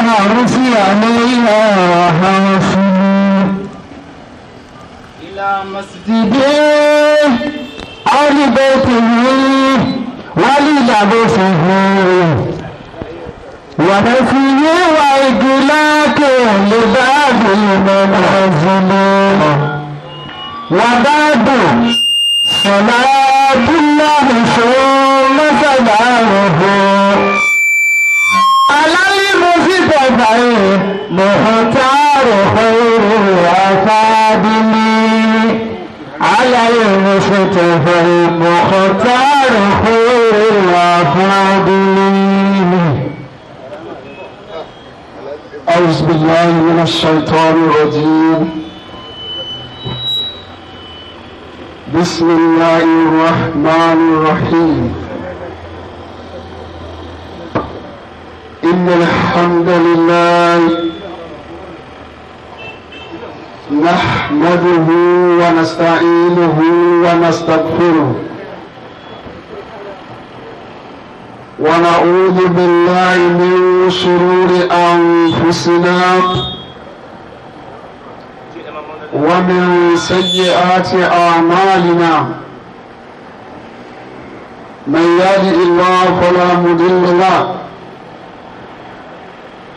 معروف عليها حافظ إلى مسجد أربته ولدبسه ونفي وإدلاك لباب المنهزم وباب صلاة الله ثم سلامه العين مختار خير أفادني على المصطفى مختار خير أفادني أعوذ بالله من الشيطان الرجيم بسم الله الرحمن الرحيم إن الحمد لله نحمده ونستعينه ونستغفره ونعوذ بالله من شرور أنفسنا ومن سيئات أعمالنا من يهده الله فلا مضل له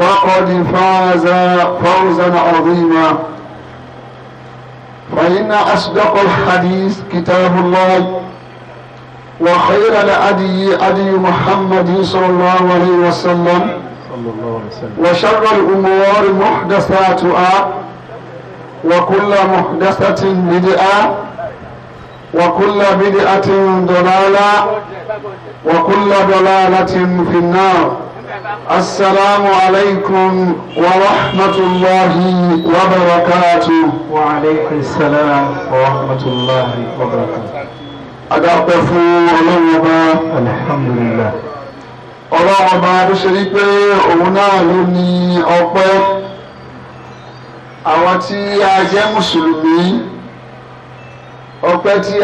فقد فاز فوزا عظيما فإن أصدق الحديث كتاب الله وخير الأدي أدي محمد صلى الله عليه وسلم وشر الأمور محدثاتها وكل محدثة بدعة وكل بدعة ضلالة وكل ضلالة في النار السلام عليكم ورحمة الله وبركاته وعليكم السلام ورحمة الله وبركاته أدعوك فون الحمد لله الله ọba ló ṣe rí pé òun náà ló ní ọpẹ́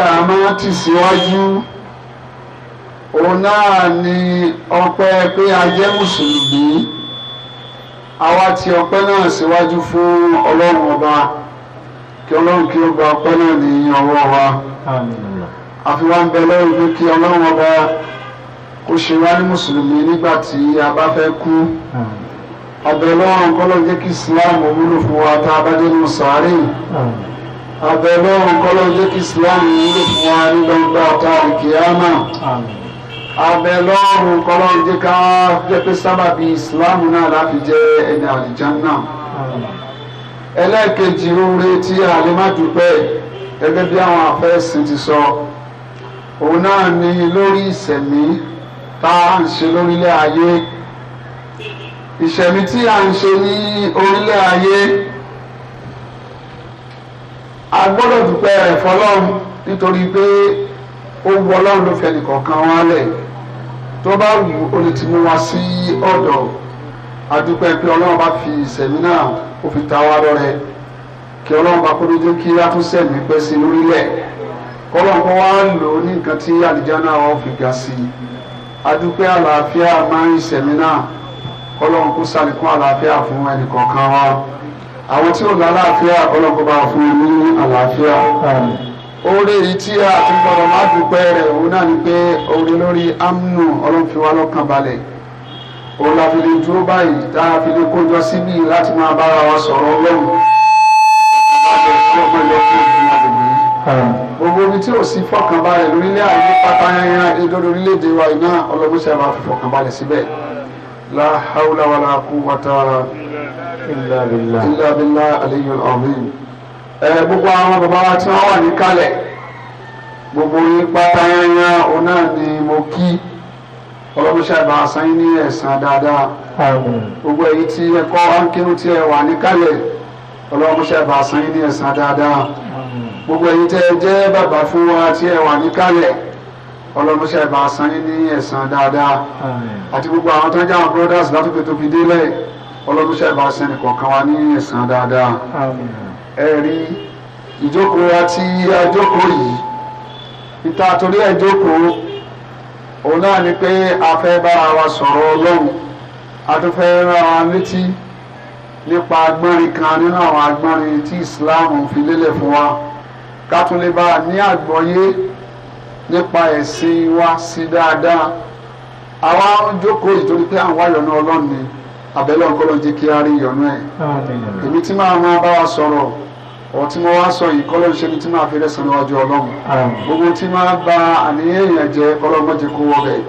àwọn òun náà ni ọpẹ́ pé a jẹ́ mùsùlùmí àwa ti ọpẹ́ náà síwájú fún ọlọ́run ọba kí ọlọ́run kí ó gba ọpẹ́ náà ní ọwọ́ wa àfi wá ń bẹ lọ́rùn pé kí ọlọ́run ọba kó ṣe wá ní mùsùlùmí nígbà tí a bá fẹ́ kú abẹ lọ́run kọ́lọ́ jẹ́ kí islam wúlò fún wa tá a bá dé nínú sàárè abẹ lọ́run kọ́lọ́ jẹ́ kí islam wúlò fún wa ní gbangba tá a kìí àmà. A lọ́rùn kọ́lọ́run jẹ́ ká jẹ́ pé sábàbí ìsìláàmù náà láti jẹ́ ẹni àlìjánnà ẹlẹ́ẹ̀kejì oore tí a lè má dúpẹ́ gẹ́gẹ́ bí àwọn afẹ́sìn ti sọ òun náà ni lórí ìṣẹ̀mí tá à ń ṣe lórílẹ̀ ayé ìṣẹ̀mí tí à ń ṣe ní orílẹ̀ ayé a gbọ́dọ̀ dúpẹ́ rẹ̀ fọlọ́run nítorí pé ó wọ ọlọ́run ló fẹ́ nìkọ̀ọ̀kan wọn lẹ̀ t'ọba wu wù ti wa sí ọdọ adúpẹ́ pé ọlọ́run bá fi ìsẹ̀mí náà ó fi ta wá lọ́rẹ kí ọlọ́run bá kó lójú kí á tún sẹ̀mí pẹ́ sí lórílẹ̀ kọ́lọ́n kó wá lò ó ní wa fi ga sí i adúpẹ́ àlàáfíà máa ń ìsẹ̀mí náà kó sàlékún àlàáfíà fún wa àwọn tí ò lálàáfíà kó bá fún un ní àlàáfíà. oore yìí tí a ti gbọ́dọ̀ má dúpẹ́ rẹ̀ òun náà ni pé oore lórí amnu ọlọ́run fi wá lọ́kàn balẹ̀ òun la fi lè dúró báyìí tá a fi lè kójọ síbí láti máa bára wa sọ̀rọ̀ ọlọ́run gbogbo ibi tí ò sí fọkànbalẹ̀ lórílẹ̀ ayé pátá yányá èdè lórílẹ̀-èdè wa iná ọlọ́run ṣe máa fi fọkànbalẹ̀ síbẹ̀ la hawla wala quwwata illa billah gbogbo àwọn bàbá wa tí wọ́n wà ní kalẹ̀ gbogbo yín pátá yányá ni mo kí ọlọ́mọṣẹ́ àbá asan yín ní ẹ̀sán dáadáa gbogbo èyí tí ẹ kọ́ ánkínú tí ẹ wà ní kalẹ̀ ọlọ́mọṣẹ́ àbá asan yín ní ẹ̀sán dáadáa gbogbo èyí tẹ́ ẹ jẹ́ bàbá fún wa tí ẹ wà ní kalẹ̀ ọlọ́mọṣẹ́ àbá asan yín ní ẹ̀sán dáadáa àti gbogbo àwọn tó ń jẹ́ àwọn brothers látòkè tó délẹ̀ ọlọ́mọṣẹ́ àbá asan nìkọ̀ọ̀kan wa ní ẹ̀sán dáadáa ẹ̀rí ìjókòó àti àjókòó yìí ìta torí àjókòó òun náà ni pé a fẹ́ bára wa sọ̀rọ̀ ọlọ́run a tún fẹ́ rán wa létí nípa agbọ́nrin kan nínú àwọn agbọ́nrin tí Islam fi lélẹ̀ fún wa ká tún lè bá a ní àgbọ́yé nípa ẹ̀sìn wa sí dáadáa àwa jókòó ìtorí pé àwọn ayọ̀nà ọlọ́run ni abẹ́lẹ́ ọkọ́lọ́ jẹ́ kí a rí ìyọnú ẹ̀ èmi tí máa máa bá wa sọ̀rọ̀ ọ̀rọ̀ tí mo wá sọ yìí kọ́lọ́ ṣe ni tí máa fi rẹ́sẹ̀ níwájú ọlọ́run gbogbo tí máa ba àníyàn èèyàn jẹ́ kọ́lọ́ mọ́ jẹ́ kó wọ bẹ́ẹ̀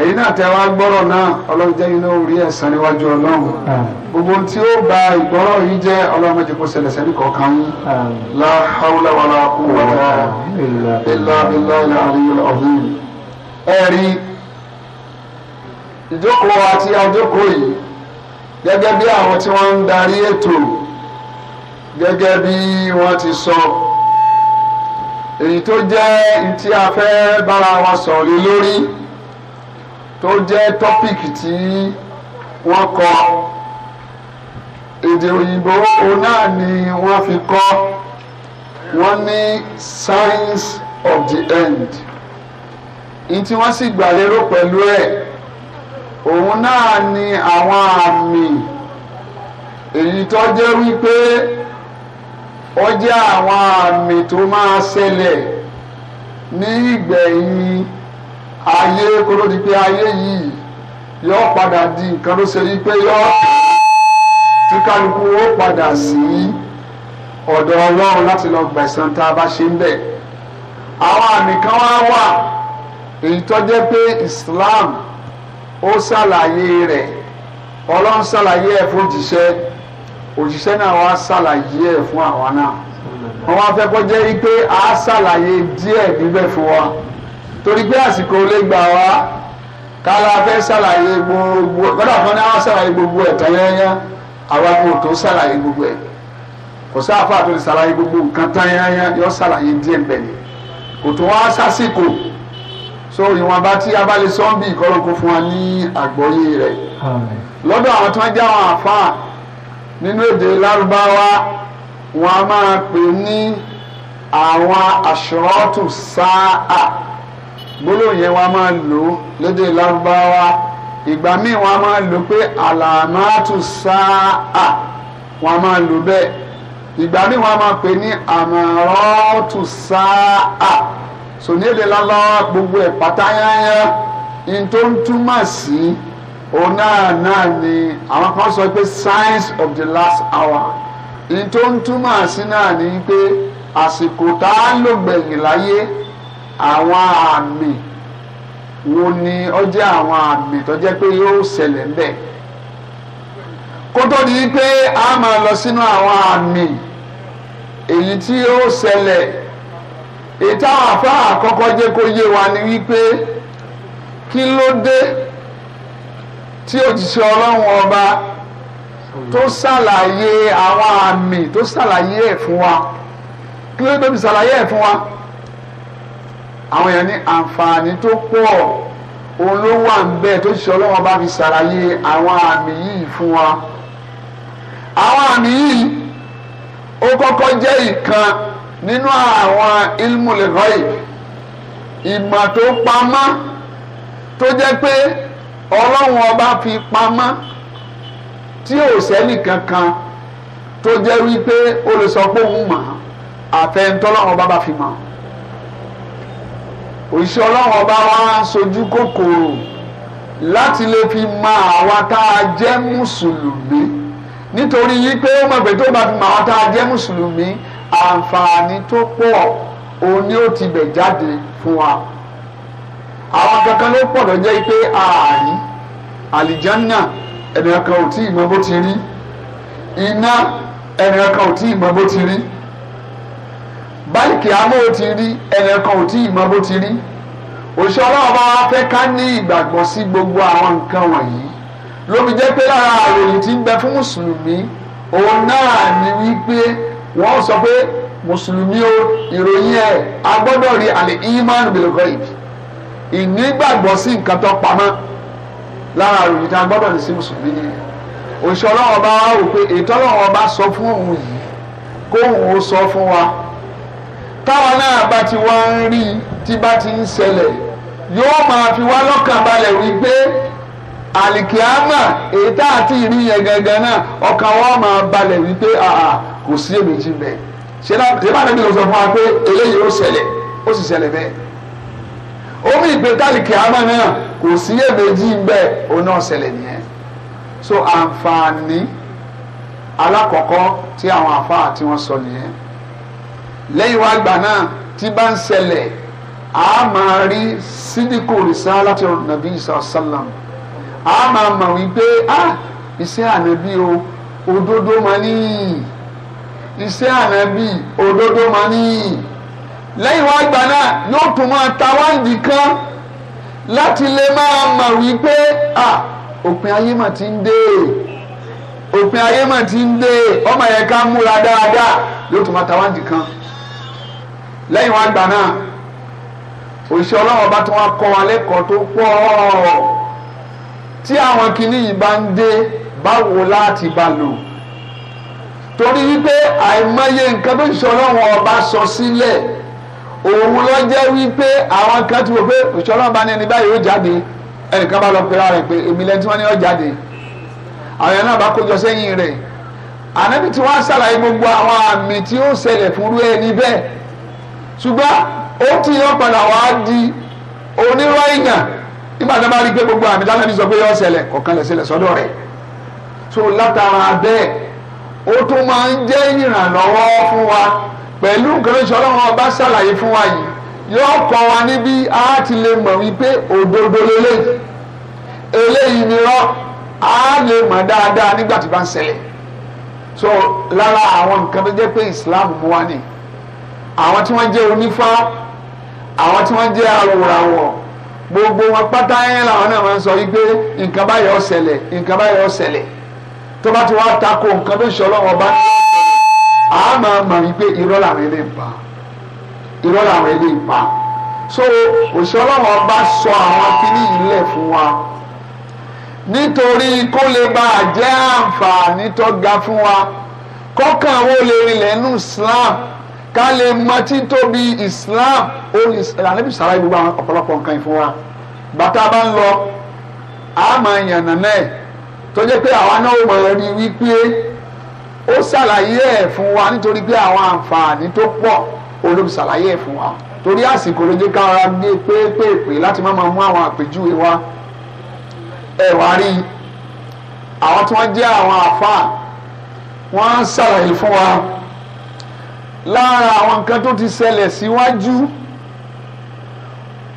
ẹ̀yin náà tẹ́ wá gbọ́rọ̀ náà ọlọ́run jẹ́ iná orí ẹ̀san níwájú ọlọ́run gbogbo tí ó ba ìgbọ́rọ̀ yìí jẹ́ ọlọ́run mọ́ jẹ́ kó ṣẹlẹ̀ sẹ́ni kọ̀ọ̀kan yín la hawla wala quwwata illa billahi al-aliyyil azim ẹ̀rí ìjókòó àti àjókòó yìí gẹ́gẹ́ bí àwọn tí wọ́n ń darí ètò gẹ́gẹ́ bí wọ́n ti sọ èyí tó jẹ́ ntí a fẹ́ bára wa sọ̀rọ̀ lórí tó jẹ́ tọ́pìkì tí wọ́n kọ èdè òyìnbó òun náà ni wọ́n fi kọ́ wọ́n ní signs of the end ntí wọ́n sì gbàlérò pẹ̀lú ẹ̀ òun náà ni àwọn àmì èyí tó jẹ́ wípé ó jẹ́ àwọn àmì tó máa ṣẹlẹ̀ ní ìgbẹ̀yìn ayé kó ló di pé ayé yìí yọ padà di nǹkan ló ṣe wípé yọ tí kálukú ó padà sí ọ̀dọ̀ ọlọ́run láti lọ gbẹ̀san tá a bá ṣe ń bẹ̀. àwọn àmì kan wá wà èyí tó jẹ́ pé Islam ó ṣàlàyé rẹ̀ ọlọ́run ṣàlàyé ẹ̀ fún òjíṣẹ́ òjíṣẹ́ náà wá ṣàlàyé ẹ̀ fún àwa náà wọ́n wá fẹ́ kó jẹ́ pé a ṣàlàyé díẹ̀ níbẹ̀ fún wa torí pé àsìkò lè gbà wá kálá fẹ́ ṣàlàyé gbogbo kọ́dà fún ní àwọn ṣàlàyé gbogbo ẹ̀ tán yẹ́nyẹ́ àwa kò tó ṣàlàyé gbogbo ẹ̀ kò sáfà tó ti ṣàlàyé gbogbo nǹkan tán yẹ́nyẹ́ yọ ṣàlàyé díẹ̀ bẹ̀ ni kò tó wá sásìkò so ìwọ̀nba tí a bá lè sọ ń bí ìkọlọ́nkó fún wa ní àgbọ́yé rẹ̀ lọ́dọ̀ àwọn tí wọ́n jẹ́ àwọn àfáà nínú èdè lárúbáwá wọn a máa pè ní àwọn àṣọ́ọ̀tù sáà gbólóhùn yẹn wọn a máa lò lédè lárúbáwá ìgbà míì wọn a máa lò pé àlàmátù sáà wọn a máa lò bẹ́ẹ̀ ìgbà míì wọn a máa pè ní àmọ̀rọ́tù sáà so ní èdè lábáwá gbogbo ẹ̀ pátáyáyá ní tó ń túmọ̀ sí òun náà náà ni àwọn kan sọ pé signs of the last hour ní tó ń túmọ̀ sí náà ni pé àsìkò tá a lò gbẹ̀yìn láyé àwọn àmì wo ni ó jẹ́ àwọn àmì tó jẹ́ pé yóò ṣẹlẹ̀ ńbẹ̀ kótó di pé a máa lọ sínú àwọn àmì èyí tí ó ṣẹlẹ̀ ìta àfa àkọ́kọ́ jẹ́ kó yé wa ni wípé kí ló dé tí òjíṣẹ́ ọlọ́run ọba tó ṣàlàyé àwọn àmì tó ṣàlàyé ẹ̀ fún wa kí ló dé tó ṣàlàyé ẹ̀ fún wa àwọn èèyàn ní àǹfààní tó pọ̀ òun ló wà ń bẹ́ẹ̀ tó ṣe ọlọ́wọ́n bá fi ṣàlàyé àwọn àmì yìí fún wa àwọn àmì yìí ó kọ́kọ́ jẹ́ ìkan nínú àwọn ilmùlẹ̀ rọ́ì ìmọ̀ tó pamọ́ tó jẹ́ pé ọlọ́run ọba fi pamọ́ tí ò sẹ́nì kankan tó jẹ́ wípé ó lè sọ pé òun mọ̀ àfẹ́ntọ́lọ́run ọba bá fi mọ̀ òṣìṣẹ́ ọlọ́run ọba wa sojú kòkòrò láti lè fi mọ àwa tá a jẹ́ mùsùlùmí nítorí yí pé ó mọ̀ pé tó bá fi mọ àwa tá a jẹ́ mùsùlùmí àǹfààní tó pọ̀ òun ni ó ti bẹ̀ jáde fún wa àwọn kankan ló pọ̀ lọ́jọ́ pé ààrí àlìjánná ẹnìyàn kan ò tí ì mọ bó ti rí iná ẹnìyàn kan ò tí ì mọ bó ti rí báyìkì àmọ́ ò ti rí ẹnìyàn kan ò tí ì mọ bó ti rí òṣìṣẹ́ ọlọ́run bá wá fẹ́ ká ní ìgbàgbọ́ sí gbogbo àwọn nǹkan wọ̀nyí ló fi jẹ́ pé lára àròyìn tí ń bẹ fún mùsùlùmí òun náà ni wípé wọ́n sọ pé mùsùlùmí o ìròyìn ẹ̀ a gbọ́dọ̀ rí àlè iman bilghaib ìnígbàgbọ́ sí nǹkan tó pamọ́ lára àròyìn tá a ní sí mùsùlùmí nìyẹn òṣìṣẹ́ ọlọ́wọ́n bá wá wò pé ètò ọlọ́wọ́n bá sọ fún òun yìí kóun ó sọ fún wa táwa náà bá ti wá ń rí tí bá ti ń ṣẹlẹ̀ yóò máa fi wá lọ́kàn balẹ̀ wípé àlìkíámà èyí tá àti ìrí yẹn gangan náà ọkàn wa máa balẹ̀ wípé àà kò sí èméjì bẹ ṣẹlá nàbí lọ sọ fún wa pé eléyìí ó ṣẹlẹ̀ ó sì ṣẹlẹ̀ bẹ́ẹ̀ omi ìgbékalì kìámà náà kò sí èméjì bẹ òun náà ṣẹlẹ̀ nìyẹn so àǹfààní alákọ̀ọ́kọ́ tí àwọn àfáà tí wọ́n sọ nìyẹn lẹ́yìn wá gbà náà tí bá ń ṣẹlẹ̀ a máa rí sídìkù risalati nàbí sàlám a máa mọ̀ wípé ah iṣẹ́ ànábì o òdodo máa níyì iṣẹ́ ànábì òdodo máa níyì lẹ́yìn wá gbà náà yóò tún máa ta wáǹdì kan láti lè máa mọ̀ wípé à òpin ayé mà ti ń dé òpin ayé mà ti ń dé ọmọ yẹn ká múra dáadáa yóò tún máa ta wáǹdì kan lẹ́yìn wá gbà náà òṣìṣẹ́ ọlọ́wọ́n bá tún wá kọ́ wa lẹ́kọ̀ọ́ tó pọ̀ tí àwọn kinní bá ń dé báwo láti bá lò torí wípé àìmọye nǹkan tó ń sọ ọlọ́run ọba sọ sílẹ̀ òun ló jẹ́ wípé àwọn kan ti wò pé òṣèlú ọba ní ẹni báyìí ó jáde ẹnìkan bá lọ pe ara rẹ̀ pé èmi lẹ́ni tí wọ́n ní ó jáde àwọn yẹn náà bá kójọ sẹ́yìn rẹ̀ ànábì tí wọ́n á ṣàlàyé gbogbo àwọn àmì tí ó ṣẹlẹ̀ fúnrú ẹni bẹ́ẹ̀ ṣùgbọ́n ó ti yọ padà wá di onírọ̀ èèyàn nígbà tó bá rí pé gbogbo àmì ó tún máa ń jẹ́ ìrànlọ́wọ́ fún wa pẹ̀lú nǹkan tó ọlọ́run ọba ṣàlàyé fún wa yìí yóò kọ́ wa níbí a ti lè mọ̀ wípé òdodo lélẹ́yìí eléyìí ni rọ́ a lè mọ̀ dáadáa nígbà tí bá ń ṣẹlẹ̀ so lára àwọn nǹkan tó jẹ́ pé Islam mú wa ni àwọn tí wọ́n jẹ́ onífá àwọn tí wọ́n jẹ́ gbogbo wọn pátá yẹn làwọn náà máa ń sọ wípé nǹkan báyọ̀ ṣẹlẹ̀ nǹkan tó bá ti wá tako nǹkan tó ń sọ lọ́wọ́ bá a máa mọ̀ wípé irọ́ làwọn ilé ń pa irọ́ làwọn ilé ń pa so òṣìṣẹ́ bá sọ àwọn kìíní ìlẹ̀ fún wa nítorí kó lè bá a jẹ́ àǹfààní tó ga fún wa kọ́kàn wo lè rinlẹ̀ nù Islam ká lè mọ títóbi Islam orin ànábì sàrà gbogbo àwọn ọ̀pọ̀lọpọ̀ nǹkan ìfún wa bàtà bá ń lọ àmọ́ ìyànnà náà tó jẹ́ pé àwa náà mọ̀ rí wípé ó ṣàlàyé ẹ̀ fún wa nítorí pé àwọn àǹfààní tó pọ̀ olóògùn ṣàlàyé ẹ̀ fún wa torí àsìkò ló jẹ́ káwọn gbé pépèpè láti má máa mú àwọn àpèjúwe wa ẹ̀ wá rí àwọn tí wọ́n jẹ́ àwọn àfáà wọ́n ṣàlàyé fún wa lára àwọn nǹkan tó ti ṣẹlẹ̀ síwájú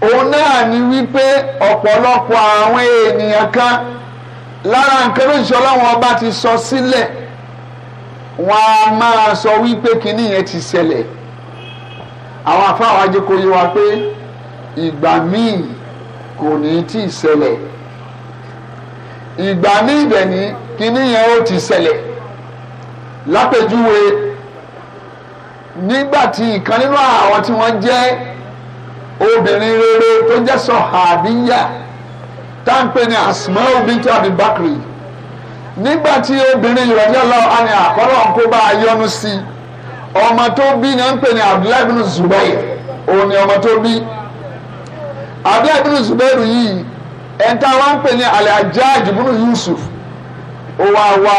òun náà ni wípé ọ̀pọ̀lọpọ̀ àwọn ènìyàn kan lára nǹkan ló ń sọ ọlọ́run ọba ti sọ sílẹ̀ wọn a máa sọ wípé kinní yẹn ti ṣẹlẹ̀ àwọn afáwọn ajẹkọyẹ wa pé ìgbà míì kò ní tí ì ṣẹlẹ̀ ìgbà míì bẹ̀ ní kinní yẹn ó ti ṣẹlẹ̀ lápèjúwe nígbà tí ìkan nínú àwọn tí wọ́n jẹ́ obìnrin rere tó jẹ́ sọ̀hàbíyà. So táǹpé ní Asmau bintu Abi Bakri nígbà tí obìnrin radiyallahu anha àkọ́rọ̀ ń kó bá a yọnu sí ọmọ tó bí ní à ń pè ní Abdullahi bin Zubair òun ni ọmọ tó bí Abdullahi bin Zubair yìí ẹ̀ńtà wa ń pè ní al bin Yusuf ó wá wá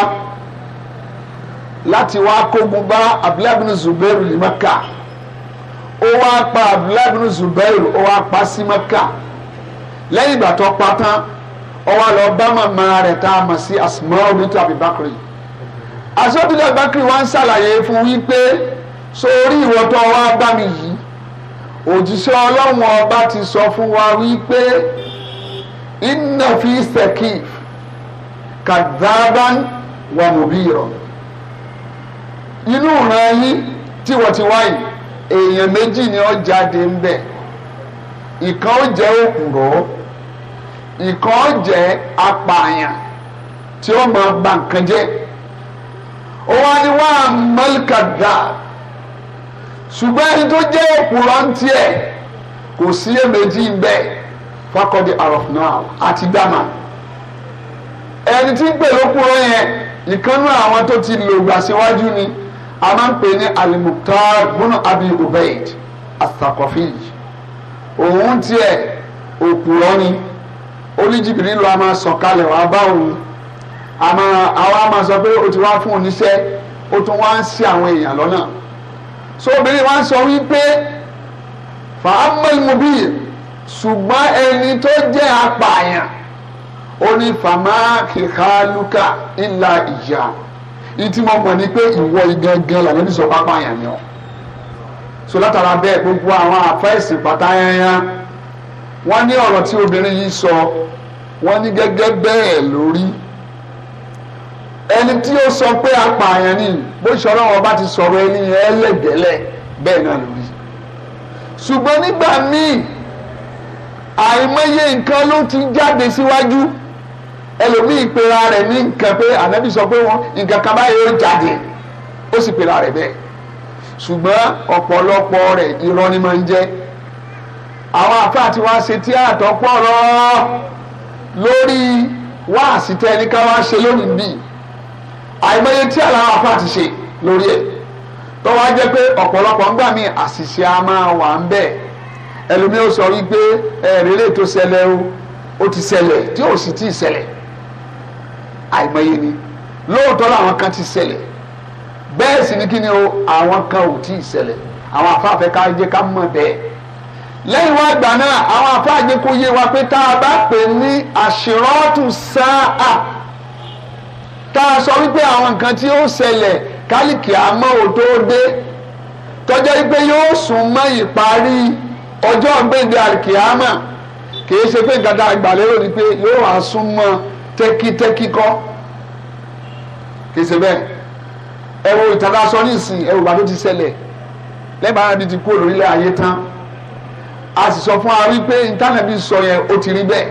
láti wá kógun bá Abdullahi bin Zubair ní Mẹ́kà ó wá pa Abdullahi bin Zubair ó wá pa sí Mẹ́kà lẹ́yìn ìgbà tó pa tán ó wá lọ bá màmá rẹ̀ tá a mọ̀ sí Asma'u bintu Abi Bakri Asma'u bintu Abi Bakri wá ń ṣàlàyé fún wípé sórí ìwọ tó wá bá mi yìí òjíṣẹ́ ọlọ́run ọba ti sọ fún wa wípé inna fi Sakif kadhaban wa mubira inú ìran yín tí èèyàn méjì ni ó jáde ń bẹ̀ ìkan ó jẹ́ òkùnrọ̀ ìkọ́ jẹ́ apààyàn tí ó máa ba nǹkan jẹ́ ó wá ní wá mẹ́lìkàdà ṣùgbọ́n ẹni tó jẹ́ òpùrọ̀ ń tiẹ̀ kò sí èméjì ń bẹ fakọ́dé àròfinà àti dáná ẹni tí ń pè lókùrọ̀ yẹn ìkànnú àwọn tó ti lògbà síwájú ni a máa ń pè ní alimukhtar bunu abi ubaid asakọfíì òun tiẹ̀ òpùrọ̀ ni oníjìbìrì lọ a máa sọ̀ kalẹ̀ wá bá òun àmọ́ àwa máa sọ pé o ti wá fún oníṣẹ́ o tún wá ń ṣì àwọn èèyàn lọ́nà so obìnrin wa ń sọ wípé fàámọ́lùmọ́bí ṣùgbọ́n ẹni tó jẹ́ apààyàn ó ní fàmà kìkàlùkà ìlà ìyá ìtí mo mọ̀ ni pé ìwọ igangan làwọn oníṣọ́ pápá yàn ni ọ́ so látara bẹ́ẹ̀ gbogbo àwọn àfẹ́sìn pátá yẹn yẹn wọ́n ní ọ̀rọ̀ tí obìnrin yìí sọ wọ́n ní gẹ́gẹ́ bẹ́ẹ̀ lórí ẹni tí ó sọ pé apààyàn ni bó ṣọlọ́ wọn bá ti sọ̀rọ̀ ẹni yẹn lẹ́gẹ̀lẹ́ bẹ́ẹ̀ náà lórí ṣùgbọ́n nígbà míì àìmọye nǹkan ló ti jáde síwájú ẹlòmíì pera rẹ̀ ní nǹkan pé ànábì sọ pé wọn nǹkan kan báyìí ó jáde ó sì pera rẹ̀ bẹ́ẹ̀ ṣùgbọ́n ọ̀pọ̀lọpọ̀ rẹ̀ irọ́ ni máa ń jẹ́ àwọn àfáà tí wọ́n ṣe tí àtọ́pọ̀ rọ lórí wáàsí tẹ́ ní ká wá ṣe lónìí bíi àìmọye tí àwọn àfáà ti ṣe lórí ẹ̀ tó wá jẹ́ pé ọ̀pọ̀lọpọ̀ ń gbà mí àṣìṣe a máa wà ń bẹ̀ ẹlòmíì ó sọ wípé ẹ̀rẹ́rẹ́ tó ṣẹlẹ̀ o ó ti ṣẹlẹ̀ tí ò sì tí ì àìmọye ni lóòótọ́ làwọn kan ti ṣẹlẹ̀ bẹ́ẹ̀ sì ni kí ni o àwọn kan ò tí ì àwọn àfáàfẹ́ ká jẹ́ ká mọ̀ bẹ́ẹ̀ lẹ́yìn wá gbà náà àwọn afáàjẹ kò yé wa pé tá a bá pè ní àṣìrọ́tù sáà tá a sọ wípé àwọn nǹkan tí ó ṣẹlẹ̀ kálíkì àmọ́ ò tó dé tọ́jọ́ wípé yóò sùn mọ́ ìparí ọjọ́ gbẹ̀dẹ̀ àlìkìámà kìí ṣe pé nǹkan tá a gbà lérò ni pé yóò wá sún mọ́ tẹ́kítẹ́kí kọ́ kìí ṣe bẹ́ẹ̀ ẹ̀rọ ìtàkà sọ nísìnyí ẹ̀rọ ìgbà tó ti ṣẹlẹ̀ lẹ́gbàá náà ti kú òlòrílẹ̀ ayé tán a sì sọ fún wa wípé ìtànàbí sọ yẹn ó ti rí bẹ́ẹ̀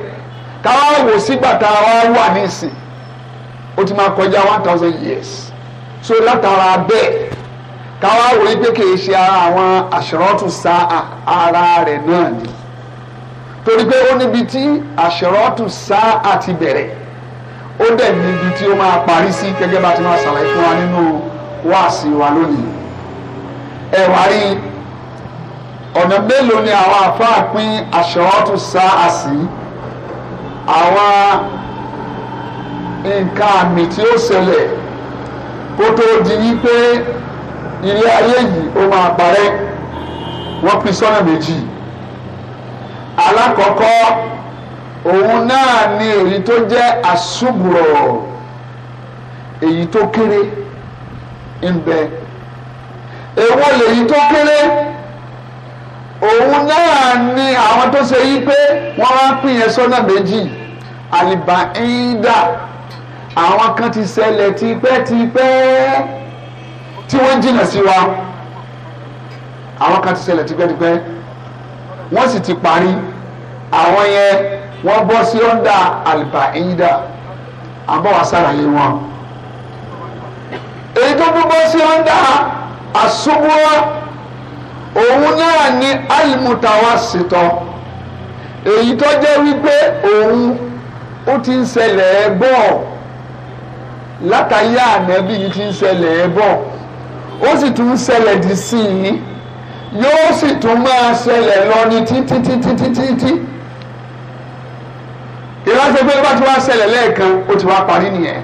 káwá wò sígbà tá a wà nísìn ó ti máa kọjá one thousand years so látara bẹ́ẹ̀ káwá wò wípé kì í ṣe ara àwọn àṣírọ́tù sa ara rẹ̀ náà ni torí pé ó níbi tí àṣírọ́tù sa àti bẹ̀rẹ̀ ó dẹ̀ níbi tí ó máa parí sí gẹ́gẹ́ bá ti máa ṣàlàyé fún wa nínú wáàsí wa lónìí ẹ̀wà rí ọ̀nà mélòó ni àwọn àfáà pín aṣọ́ọ́tù sá àsì àwọn nǹkan àmì tí ó ṣẹlẹ̀ kó tó di wípé ilé ayé yìí ó máa parẹ́ wọ́n pín sọ́nà méjì alákọ̀ọ́kọ́ òun náà ni èyí tó jẹ́ àṣùbùrọ̀ èyí tó kéré ń bẹ èwo lèyí tó kéré òun náà ni àwọn tó ṣe yí pé wọ́n wá pín yẹn sọ́nà méjì àlìbà ìdá àwọn kan ti ṣẹlẹ̀ tipẹ́tipẹ́ tí wọ́n jìnà sí wa àwọn kan ti ṣẹlẹ̀ tipẹ́tipẹ́ wọ́n sì ti parí àwọn yẹn wọ́n bọ́ sí ọ̀ndà àlìbà ìdá àbọ̀wá sàlàyé wọn. èyí tó bọ́ sí ọ̀ndà àṣubúwọ́ òun náà ni alimutawassito èyí tó jẹ́ wípé òun ó ti ń ṣẹlẹ̀ ẹ́ bọ̀ látàyé ànábì yìí ti ń ṣẹlẹ̀ ẹ́ bọ̀ ó sì tún ń ṣẹlẹ̀ dì sí i yóò sì tún máa ṣẹlẹ̀ lọ ní títí títí títí títí ìránṣẹ́ pé bá ti wá ṣẹlẹ̀ lẹ́ẹ̀kan ó ti wá parí nìyẹn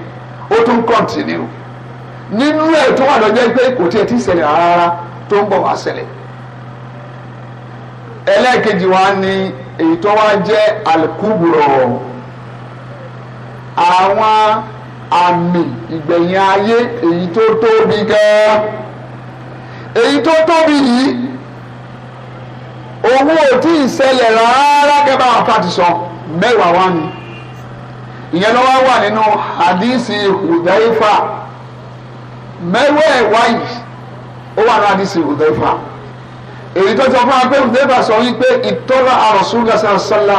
ó tún kọ̀ǹtìnìù nínú ẹ̀ tó wà lọ́jọ́ pé kò tiẹ̀ ti ṣẹlẹ̀ rárá tó ń bọ̀ wá ṣẹlẹ̀ ẹlẹ́ẹ̀kejì wa ni èyí tó wá jẹ́ alikúburọ̀ àwọn àmì ìgbẹ̀yìn ayé èyí tó tóbi gan èyí tó tóbi yìí owó ò tí ì ṣẹlẹ̀ rárá gẹ́gẹ́ bá sọ mẹ́wàá wá ni ìyẹn ló wá wà nínú hadisi Hudhaifa mẹ́wàá ẹ̀ wáyìí ó wà ní hadisi Hudhaifa èyí tó ti fún abẹ́ òdèbà sọ wípé ìtọ́lá àròsúlá sàlá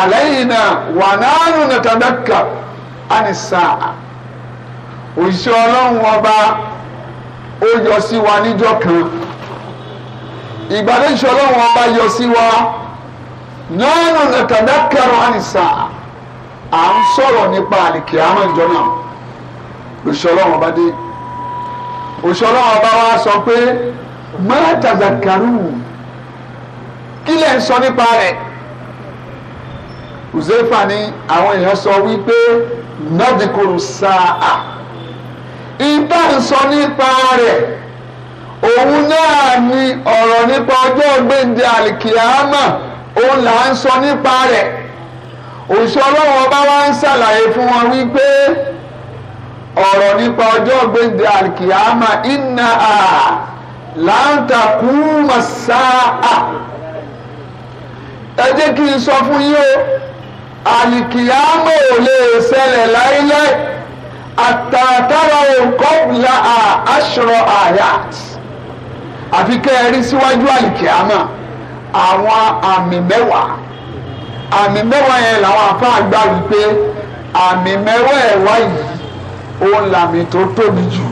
àlẹ́yìnà wà nánú nàtàdákà ànìsà òṣìṣẹ́ ọlọ́run ọba ó yọ sí wa níjọ́ kan ìgbàdé ìṣẹ́ ọlọ́run ọba yọ sí wa nánú nàtàdákà ànìsà à ń sọ̀rọ̀ nípa àlìkè àmọ́ ìjọ náà òṣìṣẹ́ ọlọ́run ọba dé òṣìṣẹ́ ọlọ́run ọba wa sọ pé máa tazakaru kí lẹ̀ ń sọ nípa rẹ̀ Uzefa ni àwọn èèyàn sọ wípé nọ́dìkùrù sáà ìbá ń sọ nípa rẹ̀ òun náà ni ọ̀rọ̀ nípa ọjọ́ gbèǹde àlìkìyàmà òun là ń sọ nípa rẹ̀ òṣìṣẹ́ ọlọ́run ọba ń ṣàlàyé fún wọn wípé ọ̀rọ̀ nípa ọjọ́ gbèǹde àlìkìyàmà ìnà láǹtakùn màsáà ẹ jẹ́ kí n sọ fún yín o àlìkìyàmọ̀ ò lè ṣẹlẹ̀ láíláí àtàtàrà òkọ́bùlà àṣọrọ̀ àyàt àfi kẹ́ ẹ rí síwájú àlìkìyàmọ̀ àwọn àmì mẹ́wàá àmì mẹ́wàá yẹn làwọn afáà gbà wípé àmì mẹ́wàá ẹ̀ wáyìí òun làmì tó tóbi jù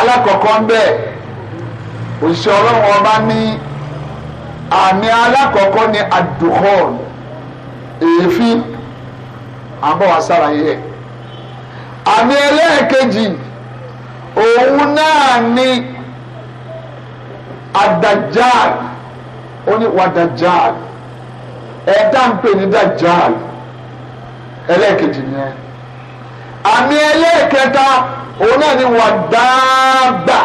alákọ̀ọ́kọ́ ń bẹ̀ òṣìṣẹ́ ọlọ́run ọba ní àmì alákọ̀ọ́kọ́ ní àdùhọ́ọ̀n èéfín àbọ̀wá sàlàyé ẹ̀ àmì ẹlẹ́ẹ̀kejì òun náà ní àdàjáàl ó ní wàdàjáàl ẹ̀dá ń pè ní àmì ẹlẹ́ẹ̀kẹta òun náà ni wà dáàbà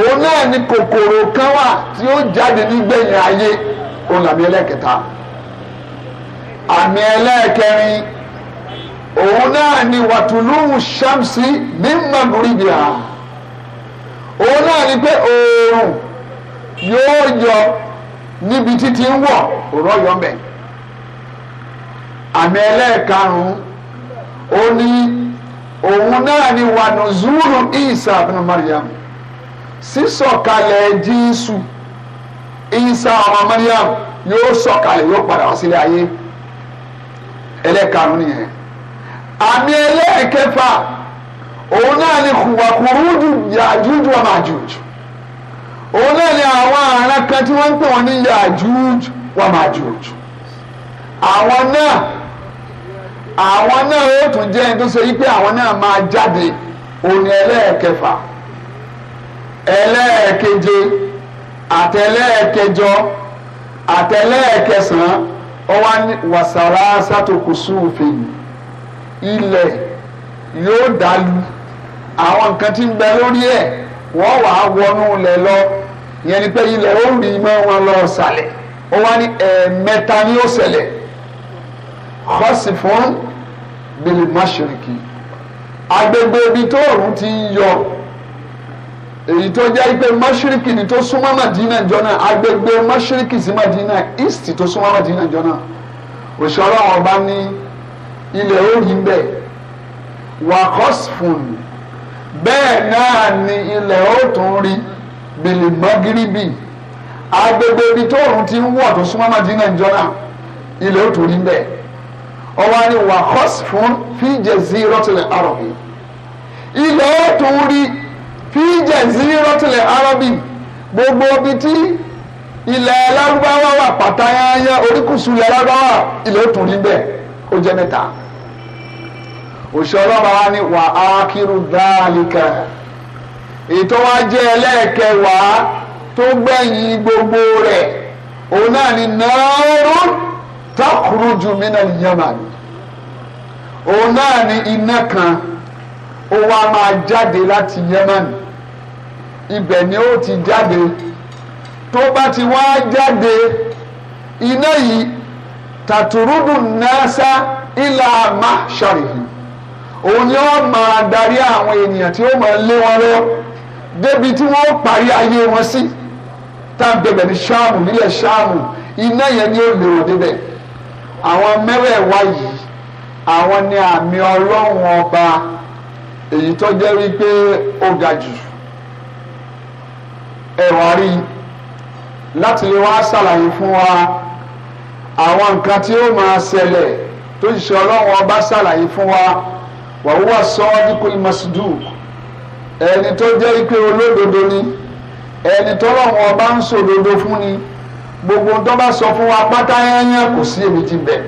òun náà ni kòkòrò kan wà tí ó jáde nígbẹ̀yìn ayé òun ẹlẹ́ẹ̀kẹta àmì ẹlẹ́ẹ̀kẹrin òun náà ni wàtúlù ṣàmsì ní òun náà ni pé yóò yọ níbi títí ń wọ̀ òrọ̀ yọ̀ mẹ́ àmì ẹlẹ́ẹ̀karùn Oni ní òun náà ni wànú zúùrù Isa ibn Maryam sísọ̀kalẹ̀ Jésù Isa ọmọ Maryam yóò sọ̀kalẹ̀ yóò padà wá sílé ayé ẹlẹ́karùn-ún nìyẹn àmì ẹlẹ́ẹ̀kẹfà òun náà ni kùwàkùrúdù Yàjújù wa Màjújù òun náà ni àwọn àrán kan tí wọ́n ń pè wọ́n ní Yàjújù wa Màjújù àwọn náà àwọn náà ó tún jẹ́ ẹni tó ṣe yí pé àwọn náà máa jáde òní ẹlẹ́ẹ̀kẹfà ẹlẹ́ẹ̀keje àtẹlẹ́ẹ̀kẹjọ àtẹlẹ́ẹ̀kẹsàn-án ó wá ní wàsàrà sátòkù sùnfìn ilẹ̀ yóò dàlú àwọn nǹkan tí ń bẹ lórí ẹ̀ wọ́n wàá wọnú ilẹ̀ lọ yẹn pé ilẹ̀ ó rì mọ́ wọn lọ sàlẹ̀ ó wá ní ni ó ṣẹlẹ̀ kọ́sìfún bíi mọ́ṣíríkì agbègbè ibi tó òòrùn ti ń yọ èyí tó jẹ́ pé mọ́ṣíríkì ni tó súnmọ́ màdínà jọ́nà agbègbè mọ́ṣíríkì sí màdínà east tó súnmọ́ màdínà jọ́nà òṣèré àwọn ọba ní ilẹ̀ orí bẹ́ẹ̀ wà kọ́sìfún bẹ́ẹ̀ náà ni ilẹ̀ ó rí bèlè mọ́gíríbì agbègbè ibi tó òòrùn ti ń wọ̀ tó súnmọ́ màdínà jọ́nà ilẹ̀ ó rí bẹ́ẹ̀ ọwọ́ ni wà khasfun fi jaziratil arabi ilẹ̀ tún rí fi jaziratil arabi gbogbo ibi tí ilẹ̀ lárúbáwá wà pàtàyàyà oríkùsù ilẹ̀ lárúbáwá ilẹ̀ tún rí bẹ́ẹ̀ ó jẹ́ mẹ́ta òṣèlọ́ba wa ni wà á kírun ètò wa jẹ́ ẹlẹ́ẹ̀kẹwàá tó gbẹ̀yìn gbogbo rẹ̀ òun náà ni náírà takuruju minal yaman òun náà ni iná kan ó wá máa jáde láti yaman ibẹ̀ ni ó ti jáde tó bá ti wá jáde iná yìí tàtúrúdù nasa ilà mahsharihi òun ni ó máa darí àwọn ènìyàn tí ó máa lé wọn lọ débi tí wọ́n parí ayé wọn sí tá a bẹ̀bẹ̀ ní ṣáàmù nílẹ̀ ṣáàmù iná yẹn ni ó lè wọ́n débẹ̀ àwọn mẹ́wẹ̀ẹ̀wá yìí àwọn ni àmì ọlọ́run ọba èyí tó jẹ́ wípé ó ga jù ẹ̀wà rí láti lè wá ṣàlàyé fún wa àwọn nǹkan tí ó máa ṣẹlẹ̀ tó ṣiṣẹ́ ọlọ́run ọba ṣàlàyé fún wa wàhùwà sọ́ọ́dínkùn masduk ẹni tó jẹ́ wípé olódodo ni ẹni tọ́lọ́run ọba ń sòdodo fún ni gbogbo tó bá sọ fún wa pátá yányán kò sí èmi ti bẹ̀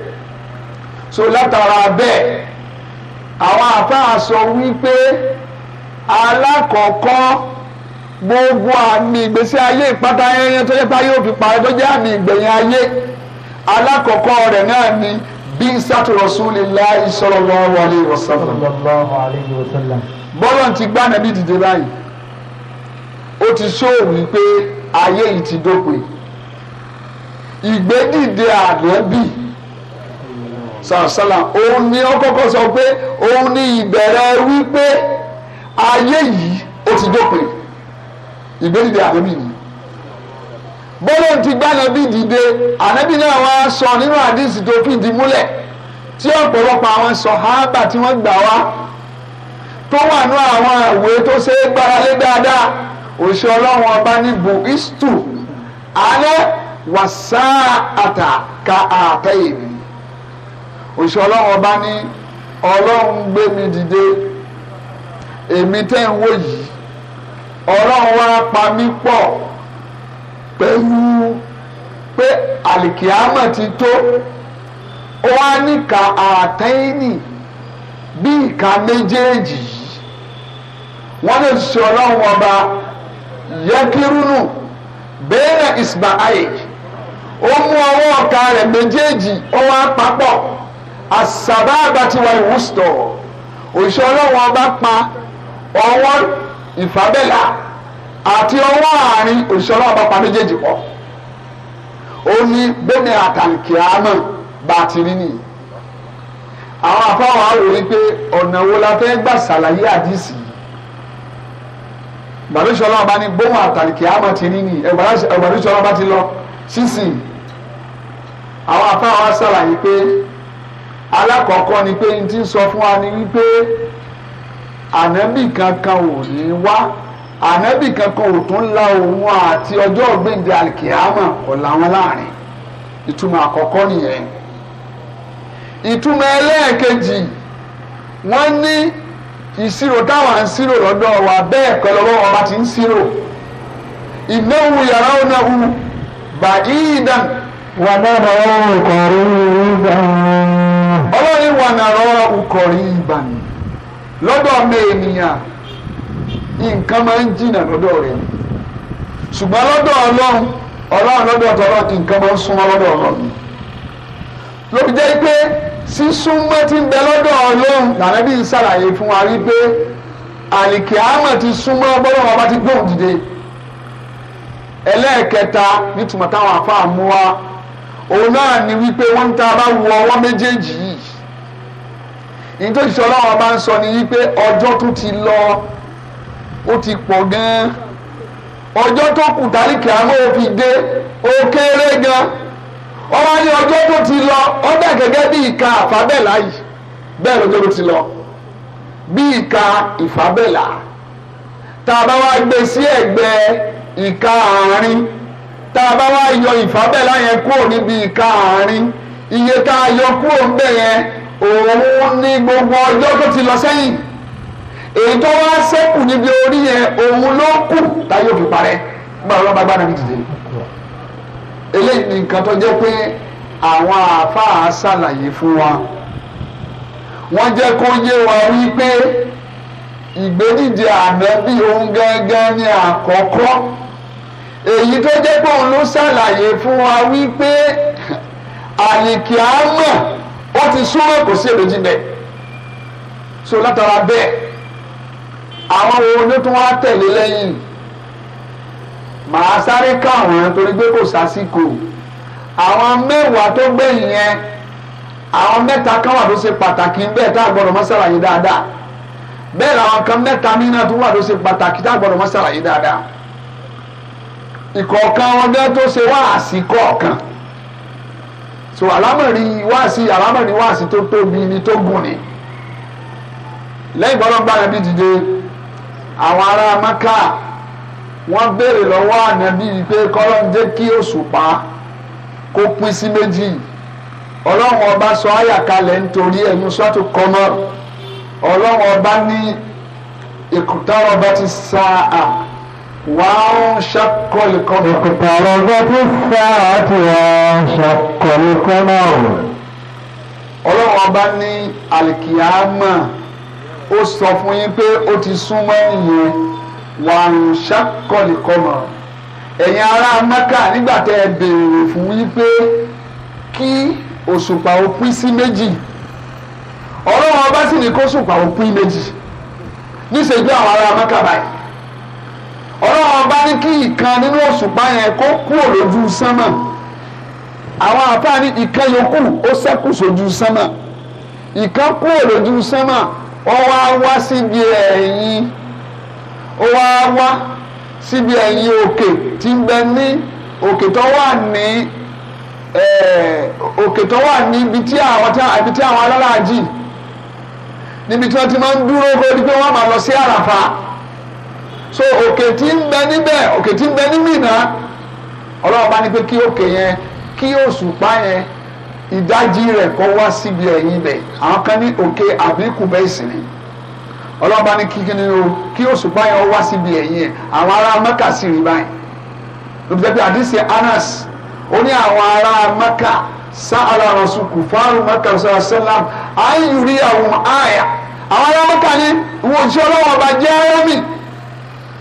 so látara bẹ́ẹ̀ àwọn àfáà sọ wípé alákọ̀ọ́kọ́ gbogbo àmì ìgbésí ayé ìpátá yányán tó yẹ pa yóò fi parẹ́ tó jẹ́ àmì ìgbẹ̀yìn ayé alákọ̀ọ́kọ́ rẹ̀ náà ni bí sátú Rasulillahi sallallahu alaihi wasallam. bọ́lá ti gbá nàbí dìde báyìí ó ti ṣó wípé ayé yìí ti dópin ìgbédìde ànábì sàlàsàlà òun ni ó kọ́kọ́ sọ pé òun ni ìbẹ̀rẹ̀ wípé ayé yìí ó ti dópin ìgbédìde ànábì yìí bọ́lá ti gbá ànábì dìde ànábì náà wá sọ nínú àdìsí tó fìdí múlẹ̀ tí ọ̀pọ̀lọpọ̀ àwọn sọ̀hábà tí wọ́n gbà wá tó wà ní àwọn ìwé tó ṣe é gbára lé dáadáa òṣìṣẹ́ ọlọ́run ọba ní buhistu alẹ́ wàsáàtà ka àtẹ̀yìn mi òṣìṣẹ́ ọlọ́run ọba ní ọlọ́run gbé mi dìde èmi tẹ́ ń wò yìí ọlọ́run wá pa mí pọ̀ pẹ̀lú pé àlìkìámà ti tó ó wá ní ka àtẹ́yìnì bí ìka méjèèjì yìí wọ́n lè ṣe ọlọ́run ọba yẹ́kírúnù bẹ́ẹ̀rẹ̀ ìsìnbà ayé ó mú ọwọ́ ọ̀ka rẹ̀ méjèèjì ó wá papọ̀ àṣàbá àgbàtiwa ìwúsùtọ̀ òṣìṣẹ́ ọlọ́run ọba pa ọwọ́ ìfábẹ́là àti ọwọ́ àárín òṣìṣẹ́ ọlọ́run ọba pa méjèèjì pọ̀ ó ní bẹ́ẹ̀ni àtàlìkì àmọ́ bá a ti rí nìyí àwọn afáwọn àwò wípé ọ̀nà wo la fẹ́ gbà ṣàlàyé àdìsí gbàdúṣọlọ́ọ̀bá ní bóun àtàlìkì àmọ́ ti rí nìyí ẹgbàdúṣọlọ́ọ̀bá ti lọ sísìn. àwọn afáwa ṣàlàyé pé alákọ̀ọ́kọ́ ni pé n ti sọ fún wa ni wípé ànábì kankan ò ní wá ànábì kankan ò tún la òun àti ọjọ́ ògbéǹde alikiyama kò láwọn láàrin ìtumọ̀ àkọ́kọ́ nìyẹn ìtumọ̀ ẹlẹ́ẹ̀kejì wọ́n ní ìṣirò táwọn ń ṣírò lọ́dọ̀ wa bẹ́ẹ̀ pẹ̀lú ọlọ́wọ́ ọba ti ń ṣírò ìnáwó yàrá ònàwó bàdí ìdàn wàdàrọ̀ ọkọ̀rí ìbàn. ọlọ́run wàdàrọ̀ ọkọ̀rí ìbàn lọ́dọ̀ ọmọ ènìyàn nǹkan máa ń jìnnà lọ́dọ̀ rẹ̀ ṣùgbọ́n lọ́dọ̀ ọlọ́run ọlọ́run lọ́dọ̀ tọ́lọ́ nǹkan máa ń lọ́dọ̀ ọlọ́run jẹ́ pé ti ń bẹ lọ́dọ̀ ọlọ́run ṣàlàyé fún wa rí pé àlìkè àmọ̀ ti bọ́lá wọn bá ti gbóhùn dìde ẹlẹ́ẹ̀kẹta nítumọ̀ táwọn mú wa òun náà ni wípé wọ́n ń ta bá wu ọwọ́ méjèèjì yìí nítorí sọlá wọn bá ń sọ ni wípé ọjọ́ tó ti lọ ó ti pọ̀ gan-an ọjọ́ tó kù táríkì àmọ́ òfin dé ó kéré gan-an ọwọ́ ní ọjọ́ tó ti lọ ó gẹ́gẹ́ bí ìka àfábẹ́là yìí bẹ́ẹ̀ lọ́jọ́ tó ti lọ bí ìka ìfábẹ́là tá a bá wá gbé sí ẹ̀gbẹ́ ìka àárín. tá a bá wá yọ ìfábẹ́lá yẹn kúrò níbi ìka iye tá a yọ kúrò ń bẹ̀ yẹn òun ní gbogbo ọjọ́ tó ti lọ sẹ́yìn èyí tó wá sẹ́kù níbi orí yẹn òun ló kù táyé òfin parẹ́ gbọ́dọ̀ lọ́ba gbádùn mi dìde wa wọ́n jẹ́ kó yé wa wípé ìgbédìde àkọ́kọ́. èyí tó jẹ́ pé òun ló ṣàlàyé fún wa wípé àlìkíámọ̀ ó ti súnmọ́ kò sí èrò jíndẹ̀ so látara bẹ́ẹ̀ àwọn ohun tó tún wá tẹ̀lé lẹ́yìn màá sáré káwọn torí pé kò sásìkò àwọn mẹ́wàá tó gbẹ̀yìn yẹn àwọn mẹ́ta kan wà tó ṣe pàtàkì bẹ́ẹ̀ tá a gbọ́dọ̀ mọ́ ṣàlàyé dáadáa bẹ́ẹ̀ làwọn kan mẹ́ta mìíràn tó wà tó ṣe pàtàkì tá a gbọ́dọ̀ mọ́ ṣàlàyé dáadáa ìkọ̀ọ̀kan wọn gẹ́ tó ṣe wáàsí kọ̀ọ̀kan so alámọ̀rí wáàsí alámọ̀rí wáàsí tó tóbi ni tó gùn ni lẹ́yìn gbọ́dọ̀ gba ànábì dìde àwọn ará maka wọ́n béèrè lọ́wọ́ ànábì pé kọ́lọ́ ń jẹ́ kí òṣùpá kó pín sí méjì ọlọ́run ọba sọ àyàkálẹ̀ nítorí ẹ̀yìn sọ́tò kọ́mọ́ ọlọ́run ọba ní ìkùtà ọba ti sa à. وانشق القمر اقتربت الساعة وانشق القمر ọlọ́run ọba ní alikiyama ó sọ fún yín pé ó ti súnmọ́ ìyẹn wàǹṣàkọ̀lìkọ̀mọ̀ ẹ̀yin ará mẹ́kà nígbà tẹ́ ẹ béèrè fún yín pé kí òṣùpá ó pín sí méjì ọlọ́run ọba sì ní kó òṣùpá ó pín méjì níṣẹ́jú àwọn ará mẹ́kà báyìí ọlọ́run ọba ní kí ìkan nínú òṣùpá yẹn kó kúrò lójú sánmà àwọn àpáà ní ìkan yòókù ó ṣẹ́kù sójú sánmà ìkan kúrò lójú sánmà wọ́n wá wá síbi ẹ̀yìn ó wá wá síbi ẹ̀yìn òkè tí ń bẹ ní òkè tó wà so òkè tí ń bẹ níbẹ̀ òkè tí ń bẹ ní Mínà ọlọ́run bá ní pé kí òkè yẹn kí òṣùpá yẹn ìdajì rẹ̀ kọ́ wá síbi ẹ̀yìn ibẹ̀ àwọn kan ní òkè àbíkùbẹ́ ìsìn ni ọlọ́run bá ní kí kíni o kí òṣùpá yẹn wá síbi ẹ̀yìn ẹ̀ àwọn ará Mẹ́kà sì rí báyìí lóbi àdìsí Anas ó ní àwọn ará Mẹ́kà sáàlà rasul kùfàrù Mẹ́kà sọ̀rọ̀ sẹ́lám àyè rí àwọn àyà àwọn ará Mẹ́kà ní ìwòsí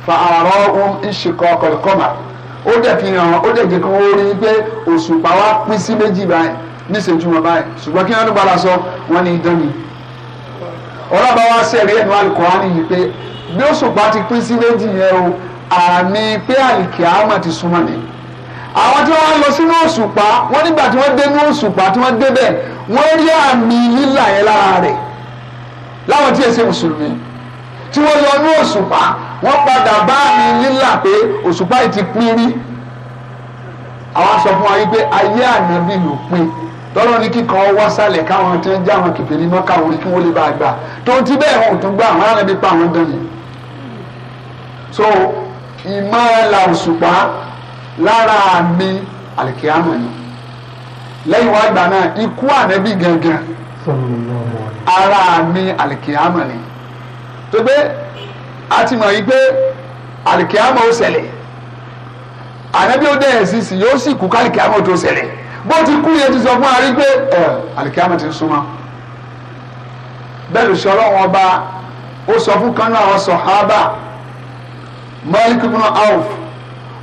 fa àrọ ohun ìṣìkọ kọ̀ọ̀kọ̀mà ó dẹ̀ fi hàn ó dẹ̀ jẹ́ kí rí pé òṣùpá wa pín sí méjì báyìí níṣẹ́jú wọn báyìí ṣùgbọ́n kí wọ́n tó gbára sọ wọ́n ní idán ni ọlọ́ba wa sẹ̀rí ẹ̀nu alukọ̀ránì yìí pé bí òṣùpá ti pín sí méjì yẹn o àmì pé àlìkìámà ti súnmọ́ ni àwọn tí wọ́n lọ sínú òṣùpá wọ́n nígbà tí wọ́n dé ní òṣùpá tí wọ́n débẹ̀ wọ́n rí àmì lílà yẹn lára rẹ̀ láwọn tí èsè mùsùlùmí tí wọ́n lọ ní òṣùpá wọ́n padà bá mi nílà pé òṣùpá yìí ti pín rí àwọn sọ fún wa yìí pé ayé ànábì ló pín tọ́lọ́ ní kíkan wá sálẹ̀ káwọn tí ń já àwọn kìfèrí mọ́ káwọn orí kí wọ́n lè bá gbà tó ti bẹ́ẹ̀ wọn ò gbà àwọn ànábì pa àwọn gan yìí so ìmọ̀ọ́lá òṣùpá lára mi àlìkíyàmọ̀ ni lẹ́yìn wá gbà náà ikú ànábì gangan ara mi àlìkíyàmọ̀ ni tó gbé a ti mọ̀ wípé àlìkíyàmọ̀ ó ṣẹlẹ̀ ànábì ó dẹ̀yẹ̀ sí sí yóò sì kú kálìkíyàmọ̀ tó ṣẹlẹ̀ bó ti kú yẹn ti sọ fún arí pé ẹ àlìkíyàmọ̀ ti ń súnmọ́ bẹ́ẹ̀ lùsọ ọlọ́run ọba ó sọ fún kánú àwọn sọ̀hábà Malik ibn Auf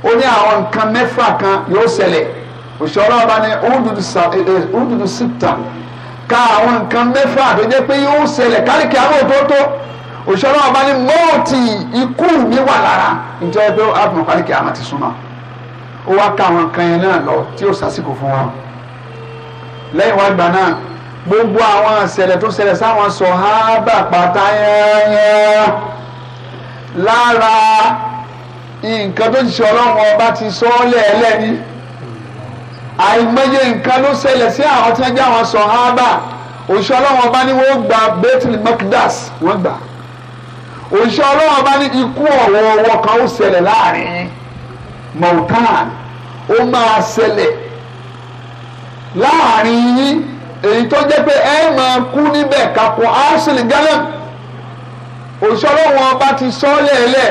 ó ní àwọn nǹkan mẹ́fà kan yóò ṣẹlẹ̀ òṣìṣẹ́ ọba ní òǹdùdù síta eh, eh, ka àwọn nǹkan mẹ́fà tó jẹ́ pé yóò ṣẹlẹ̀ kálíkì àwọn òtótó òṣèré ọba ní mọ́ọ̀tì ikú mi wà lára ǹjẹ́ ẹgbẹ́ abùnú kálíkì àmà ti súnmọ́ ó wá ka àwọn kan yẹn náà lọ tí ó sásìkò fún wọn lẹ́yìn wá gbà náà gbogbo àwọn àṣẹlẹ̀ tó ṣẹlẹ̀ sáwọn sọ̀hábà pátá yẹn lára nǹkan tó ti ṣe ọlọ́run ọba ti sọ ọ́ lẹ́ẹ̀lẹ́ni àìmọye nǹkan ló ṣẹlẹ̀ sí àwọn tí wọ́n jẹ́ àwọn sọ̀hábà òṣìṣẹ́ ọlọ́run ọba ni wọ́n gba Baitul Maqdas wọ́n gbà á òṣìṣẹ́ ọlọ́wọ́n bá ní ikú ọ̀wọ́ ọwọ́ kan ó ṣẹlẹ̀ láàrin mọ̀tán ó máa ṣẹlẹ̀ láàrin yín èyí tó jẹ́ pé ẹ máa kú níbẹ̀ kakọ áṣìlì gálẹ̀m òṣìṣẹ́ ọlọ́wọ́n bá ti sọ lẹ́ẹ̀lẹ́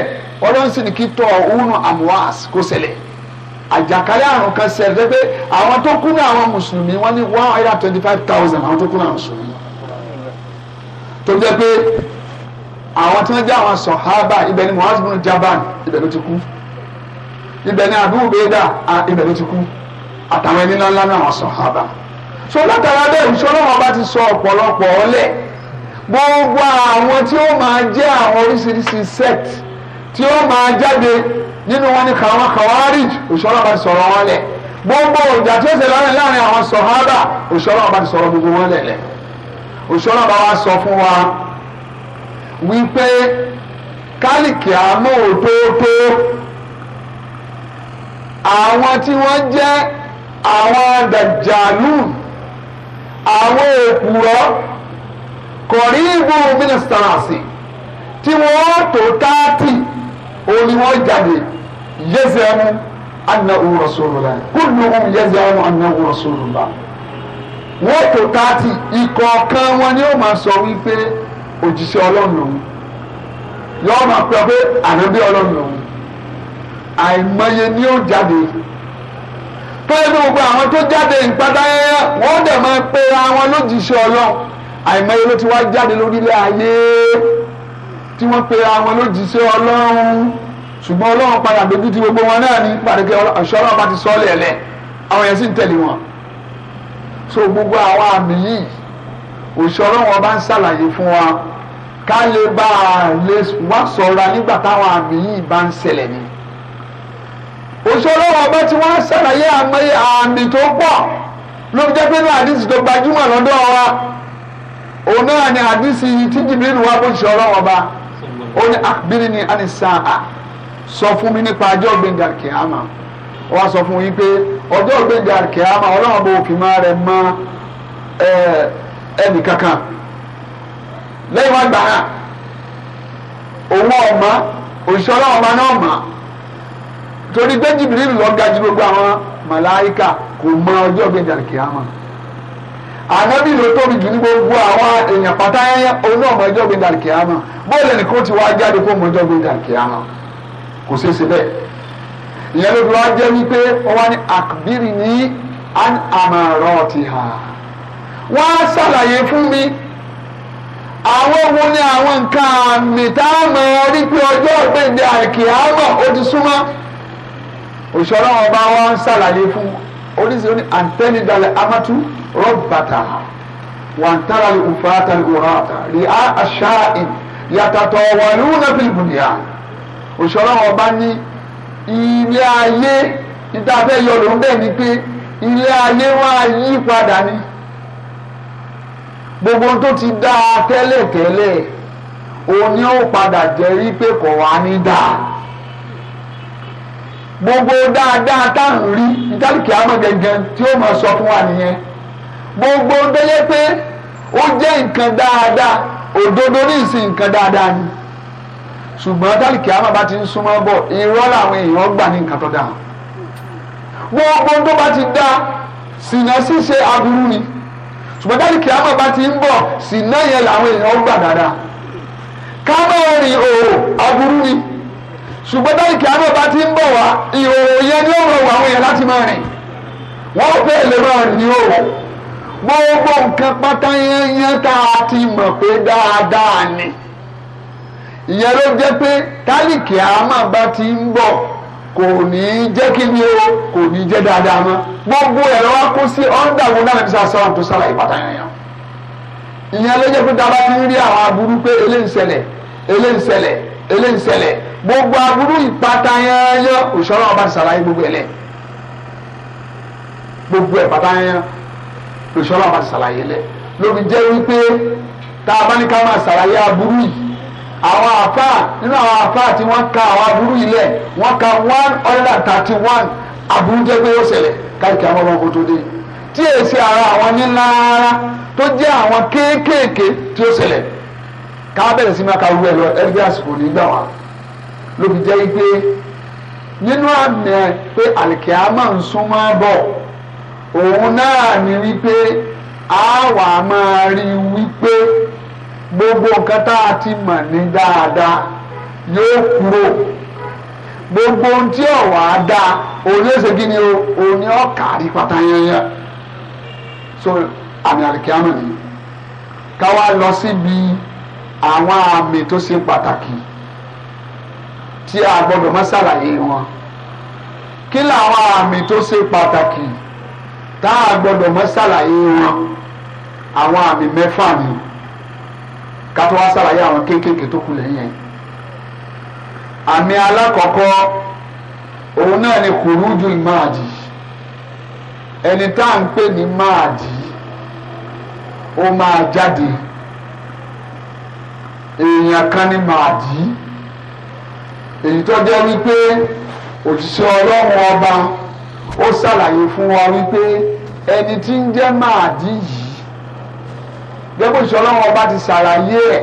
ọlọ́sìn kí tọ̀ ọ̀hún àmúwàs kó ṣẹlẹ̀ àjàkálẹ̀ àrùn kan ṣẹlẹ̀ pé àwọn tó kú ní àwọn mùsùlùmí wọ́n ní one hundred twenty five thousand àwọn tó kú ní àwọn mùsùlùmí tó jẹ́ pé àwọn tí wọ́n jẹ́ àwọn sọ̀hábà ibẹ̀ ni Mu'az bin Jabal ibẹ̀ ló ti kú ibẹ̀ ni Abu Ubaida ibẹ̀ ló ti kú àtàwọn ẹni ńláńlá ní àwọn sọ̀hábà so látara bẹ́ẹ̀ ìṣọ́lọ́wọ́n bá ti sọ ọ̀pọ̀lọpọ̀ ọlẹ́ gbogbo àwọn tí ó máa jẹ́ àwọn oríṣiríṣi sect tí ó máa jáde nínú wọn ni kàwọn kàwárìj òṣọ́lọ́wọ́n bá ti sọ̀rọ̀ wọn lẹ̀ gbogbo ìjà tí ó ṣe láàrin láàrin àwọn sọ̀hábà òṣọ́lọ́wọ́n bá ti sọ̀rọ̀ gbogbo wọn lẹ̀ lẹ̀ òṣọ́lọ́wọ́n bá wa sọ fún wa wípé kálíkì àmọ́ òtótó àwọn tí wọ́n jẹ́ àwọn dàjàlù àwọn òpùrọ́ kọ̀rí ìbò mínísítàràsì tí wọ́n tó táàtì òun ni wọ́n jáde yẹ́sẹ̀ mú annahu rasulullah kulluhum yazamu annahu rasulullah wọ́n tó táàtì ìkọ̀ọ̀kan wọn ni ó máa sọ wípé òjíṣẹ́ ọlọ́run lòun yọọ máa pẹ́ pé ànábí ọlọ́run lòun àìmọye ni ó jáde pẹ́ẹ́nù gbogbo àwọn tó jáde ìpadà yẹn wọ́n dẹ̀ máa pe àwọn lójíṣẹ́ ọlọ́run àìmọye ló ti wá jáde lórílẹ̀ ayé tí wọ́n pe àwọn lójíṣẹ́ ọlọ́run ṣùgbọ́n ọlọ́run padà dojú ti gbogbo wọn náà ní pàdékẹ́ ọ̀ṣọ́ ọlọ́run bá ti sọ ọ́ lẹ̀lẹ̀ àwọn yẹn sì ń tẹ̀lé wọn so gbogbo àwọn àmì yìí òṣìṣẹ́ ọlọ́run ọba ń ṣàlàyé fún wa. ká lè bá a lè wá ṣọ́ra nígbà táwọn àmì yìí bá ń ṣẹlẹ̀ ni. ọba tí wọ́n ṣàlàyé àmì tó pọ̀ ló jẹ́ pé ní àdìsí tó gbajúmọ̀ lọ́dọ̀ wa òun náà ni àdìsí tí jìbìrì wà bó ṣe ọba ó ní àbírí ni a ní sàn á sọ fún mi nípa ajọ́ gbẹ̀ngà kìámà wọ́n sọ fún yín pé ọjọ́ gbẹ̀ngà kìámà lẹ́yìn wá gbà náà òun ọ̀ma òṣìṣẹ́ ọlọ́run ọba náà mà torí pé jìbìrìlù lọ ga ju gbogbo àwọn màláìka kò mọ ọjọ́ gbẹ̀dẹ̀ àkìyàmà ànábì ló tóbi jù ní gbogbo àwọn èèyàn pátá yẹn òun náà mọ ọjọ́ gbẹ̀dẹ̀ àkìyàmà bóòlù ẹnì kan ti wá jáde kó mọ ọjọ́ gbẹ̀dẹ̀ àkìyàmà kò ṣeé ṣe bẹ́ẹ̀ ìyẹn ló fi wá jẹ́ wípé wọ́n wá ní àkbírì ní àmàrọ̀ ti hà wọ́n á ṣàlàyé fún mi àwọn wo ni àwọn nǹkan àmì tá a mọ̀ ẹ́ rí pé ọjọ́ òpèǹde àìkìyàmọ̀ ó ti súnmọ́ òṣèlú àwọn ọba wa ń ṣàlàyé fún oríṣiríṣi ní àǹtẹ́nidàlẹ̀ amátú rọ́bàtà wàǹtàrà ìfúrátà ìhòrátà rí a àṣàìn yàtàtọ̀ wà lóhùn náà fìlìpù nìyà òṣèlú àwọn ọba ní ilé ayé níta fẹ́ yọ lóun bẹ́ẹ̀ ni pé ilé ayé wá yí padà ni. gbogbo tó ti dáa tẹ́lẹ̀tẹ́lẹ̀ òun ni ó padà jẹ́ rí pé kò wá ní dáa gbogbo dáadáa tá à ń rí ìtàlùkì àmọ́ gẹ́gẹ́ tí ó máa sọ fún wa nìyẹn gbogbo délé pé ó jẹ́ nǹkan dáadáa òdodo ní ìsìn nǹkan dáadáa ni ṣùgbọ́n tálíkì àmọ́ bá ti ń súnmọ́ bọ̀ irọ́ làwọn èèyàn gbà ní nǹkan tó dáa gbogbo tó bá ti dá sìnà ṣíṣe aburú ni. ṣùgbọ́n dájú kí àmọ́ bá ti ń bọ̀ sí náà yẹn làwọn èèyàn ń gbà dáadáa ká máa rìn òòrò aburú ni ṣùgbọ́n dájú kí àmọ́ bá ti ń bọ̀ wá ìhòòhò yẹn ni ó rọrùn àwọn èèyàn láti máa rìn wọ́n fẹ́ lè máa rìn ní òòrò gbogbo nǹkan pátá yẹn yẹn tá a ti mọ̀ pé dáadáa ni ìyẹn ló jẹ́ pé tálíkì àmọ́ bá ti ń bọ̀ kò ní í jẹ́ kí ni o kò ní í jẹ́ dáadáa mọ́ gbogbo ẹ̀rọ wa kó sí ọ́ndà wo náà níbi sàṣọ àwọn tó sàlàyé pàtàkì yẹn ìyẹn ló jẹ́ pé tá a bá ti rí àwọn aburú pé eléyìí ṣẹlẹ̀ eléyìí ṣẹlẹ̀ eléyìí ṣẹlẹ̀ gbogbo aburú ìpata yẹn yẹn òṣèlú ọba ti gbogbo ẹ̀ lẹ̀ gbogbo ẹ̀ pata yẹn òṣèlú ọba ti lẹ̀ lóbi jẹ́ wípé tá a bá ní ká máa sàlàyé aburú yìí àwọn àfa nínú àwọn àfa tí wọ́n ka àwọn aburú ilẹ̀ wọ́n ka one hundred and thirty one aburú jẹ́ pé ó ṣẹlẹ̀ káàkiri àwọn ọmọ ogun tó dé tí èsì ara àwọn nílá ara tó jẹ́ àwọn kéékèèké tí ó ṣẹlẹ̀ ká sí máa ka wú ẹ lọ àsìkò nígbà wa ló fi jẹ́ nínú àmì ẹ pé ń bọ̀ òun náà wípé a máa rí gbogbo nǹkan tá a ti mọ̀ ní dáadáa yóò kúrò gbogbo ohun tí ọ̀wà á dá òun yóò ṣe kí ni o òun ni ọ̀ kárí pátá yẹnyẹn so àmì àlìkíámù nìyí ká wá lọ síbi àwọn àmì tó ṣe pàtàkì tí a gbọdọ̀ má ṣàlàyé wọn kí làwọn àmì tó ṣe pàtàkì tá a gbọdọ̀ má ṣàlàyé wọn àwọn àmì mẹ́fà nìyí kátó wá sàlàyé àwọn kéékèèké tó kù lẹ́yìn ẹ̀. àmì alákọ̀ọ́kọ́ òun náà ni kùrújù máàdì ẹni tá à ń pè ní máàdì ó máa jáde èèyàn kan ní máàdì èyí tó jẹ́ wípé òjíṣẹ́ ọlọ́run ọba ó sàlàyé fún wa wípé ẹni tí ń jẹ́ máàdì yìí gẹ́gẹ́ bí ọlọ́run ọba ti ṣàlàyé ẹ̀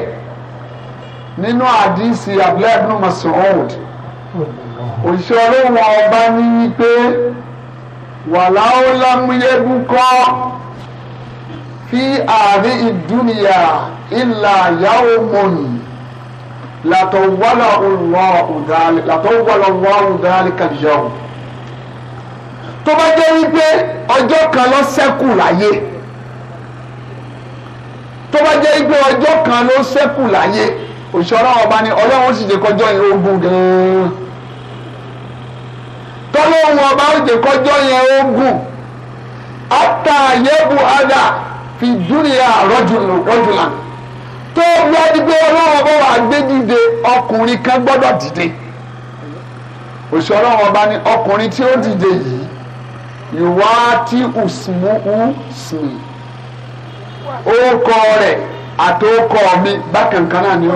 nínú àdìsí Abdullahi ibn Mas'ud òṣìṣẹ́ ọlọ́run ọba ní wípé wàláwó lámúyẹ́gù kọ́ fi àárín ìdúnìyà ìlà yàwó mọ̀nì látọ̀wọ́lọ̀ wọ́n ọ̀dàlẹ̀ kàdíyàwó tó bá jẹ́ wípé ọjọ́ kan ló láyé tó bá jẹ́ pé ọjọ́ kan ló ṣẹ́kù láyé òṣìṣẹ́ ọlọ́run ọba ni ọlọ́run sì jẹ́ kọjọ́ yẹn ogun gan-an tọ́lọ́run ọba ó jẹ́ kọjọ́ yẹn ogun ata yebu ada fi dúnìyà rọ́jùlán tó wá di pé ọlọ́run ọba wà gbé dìde ọkùnrin kan gbọ́dọ̀ dìde òṣìṣẹ́ ọlọ́run ọba ni ọkùnrin tí ó dìde yìí ìwà tí ùsùnmù ùsùnmù. o kɔɔre a t'o o ni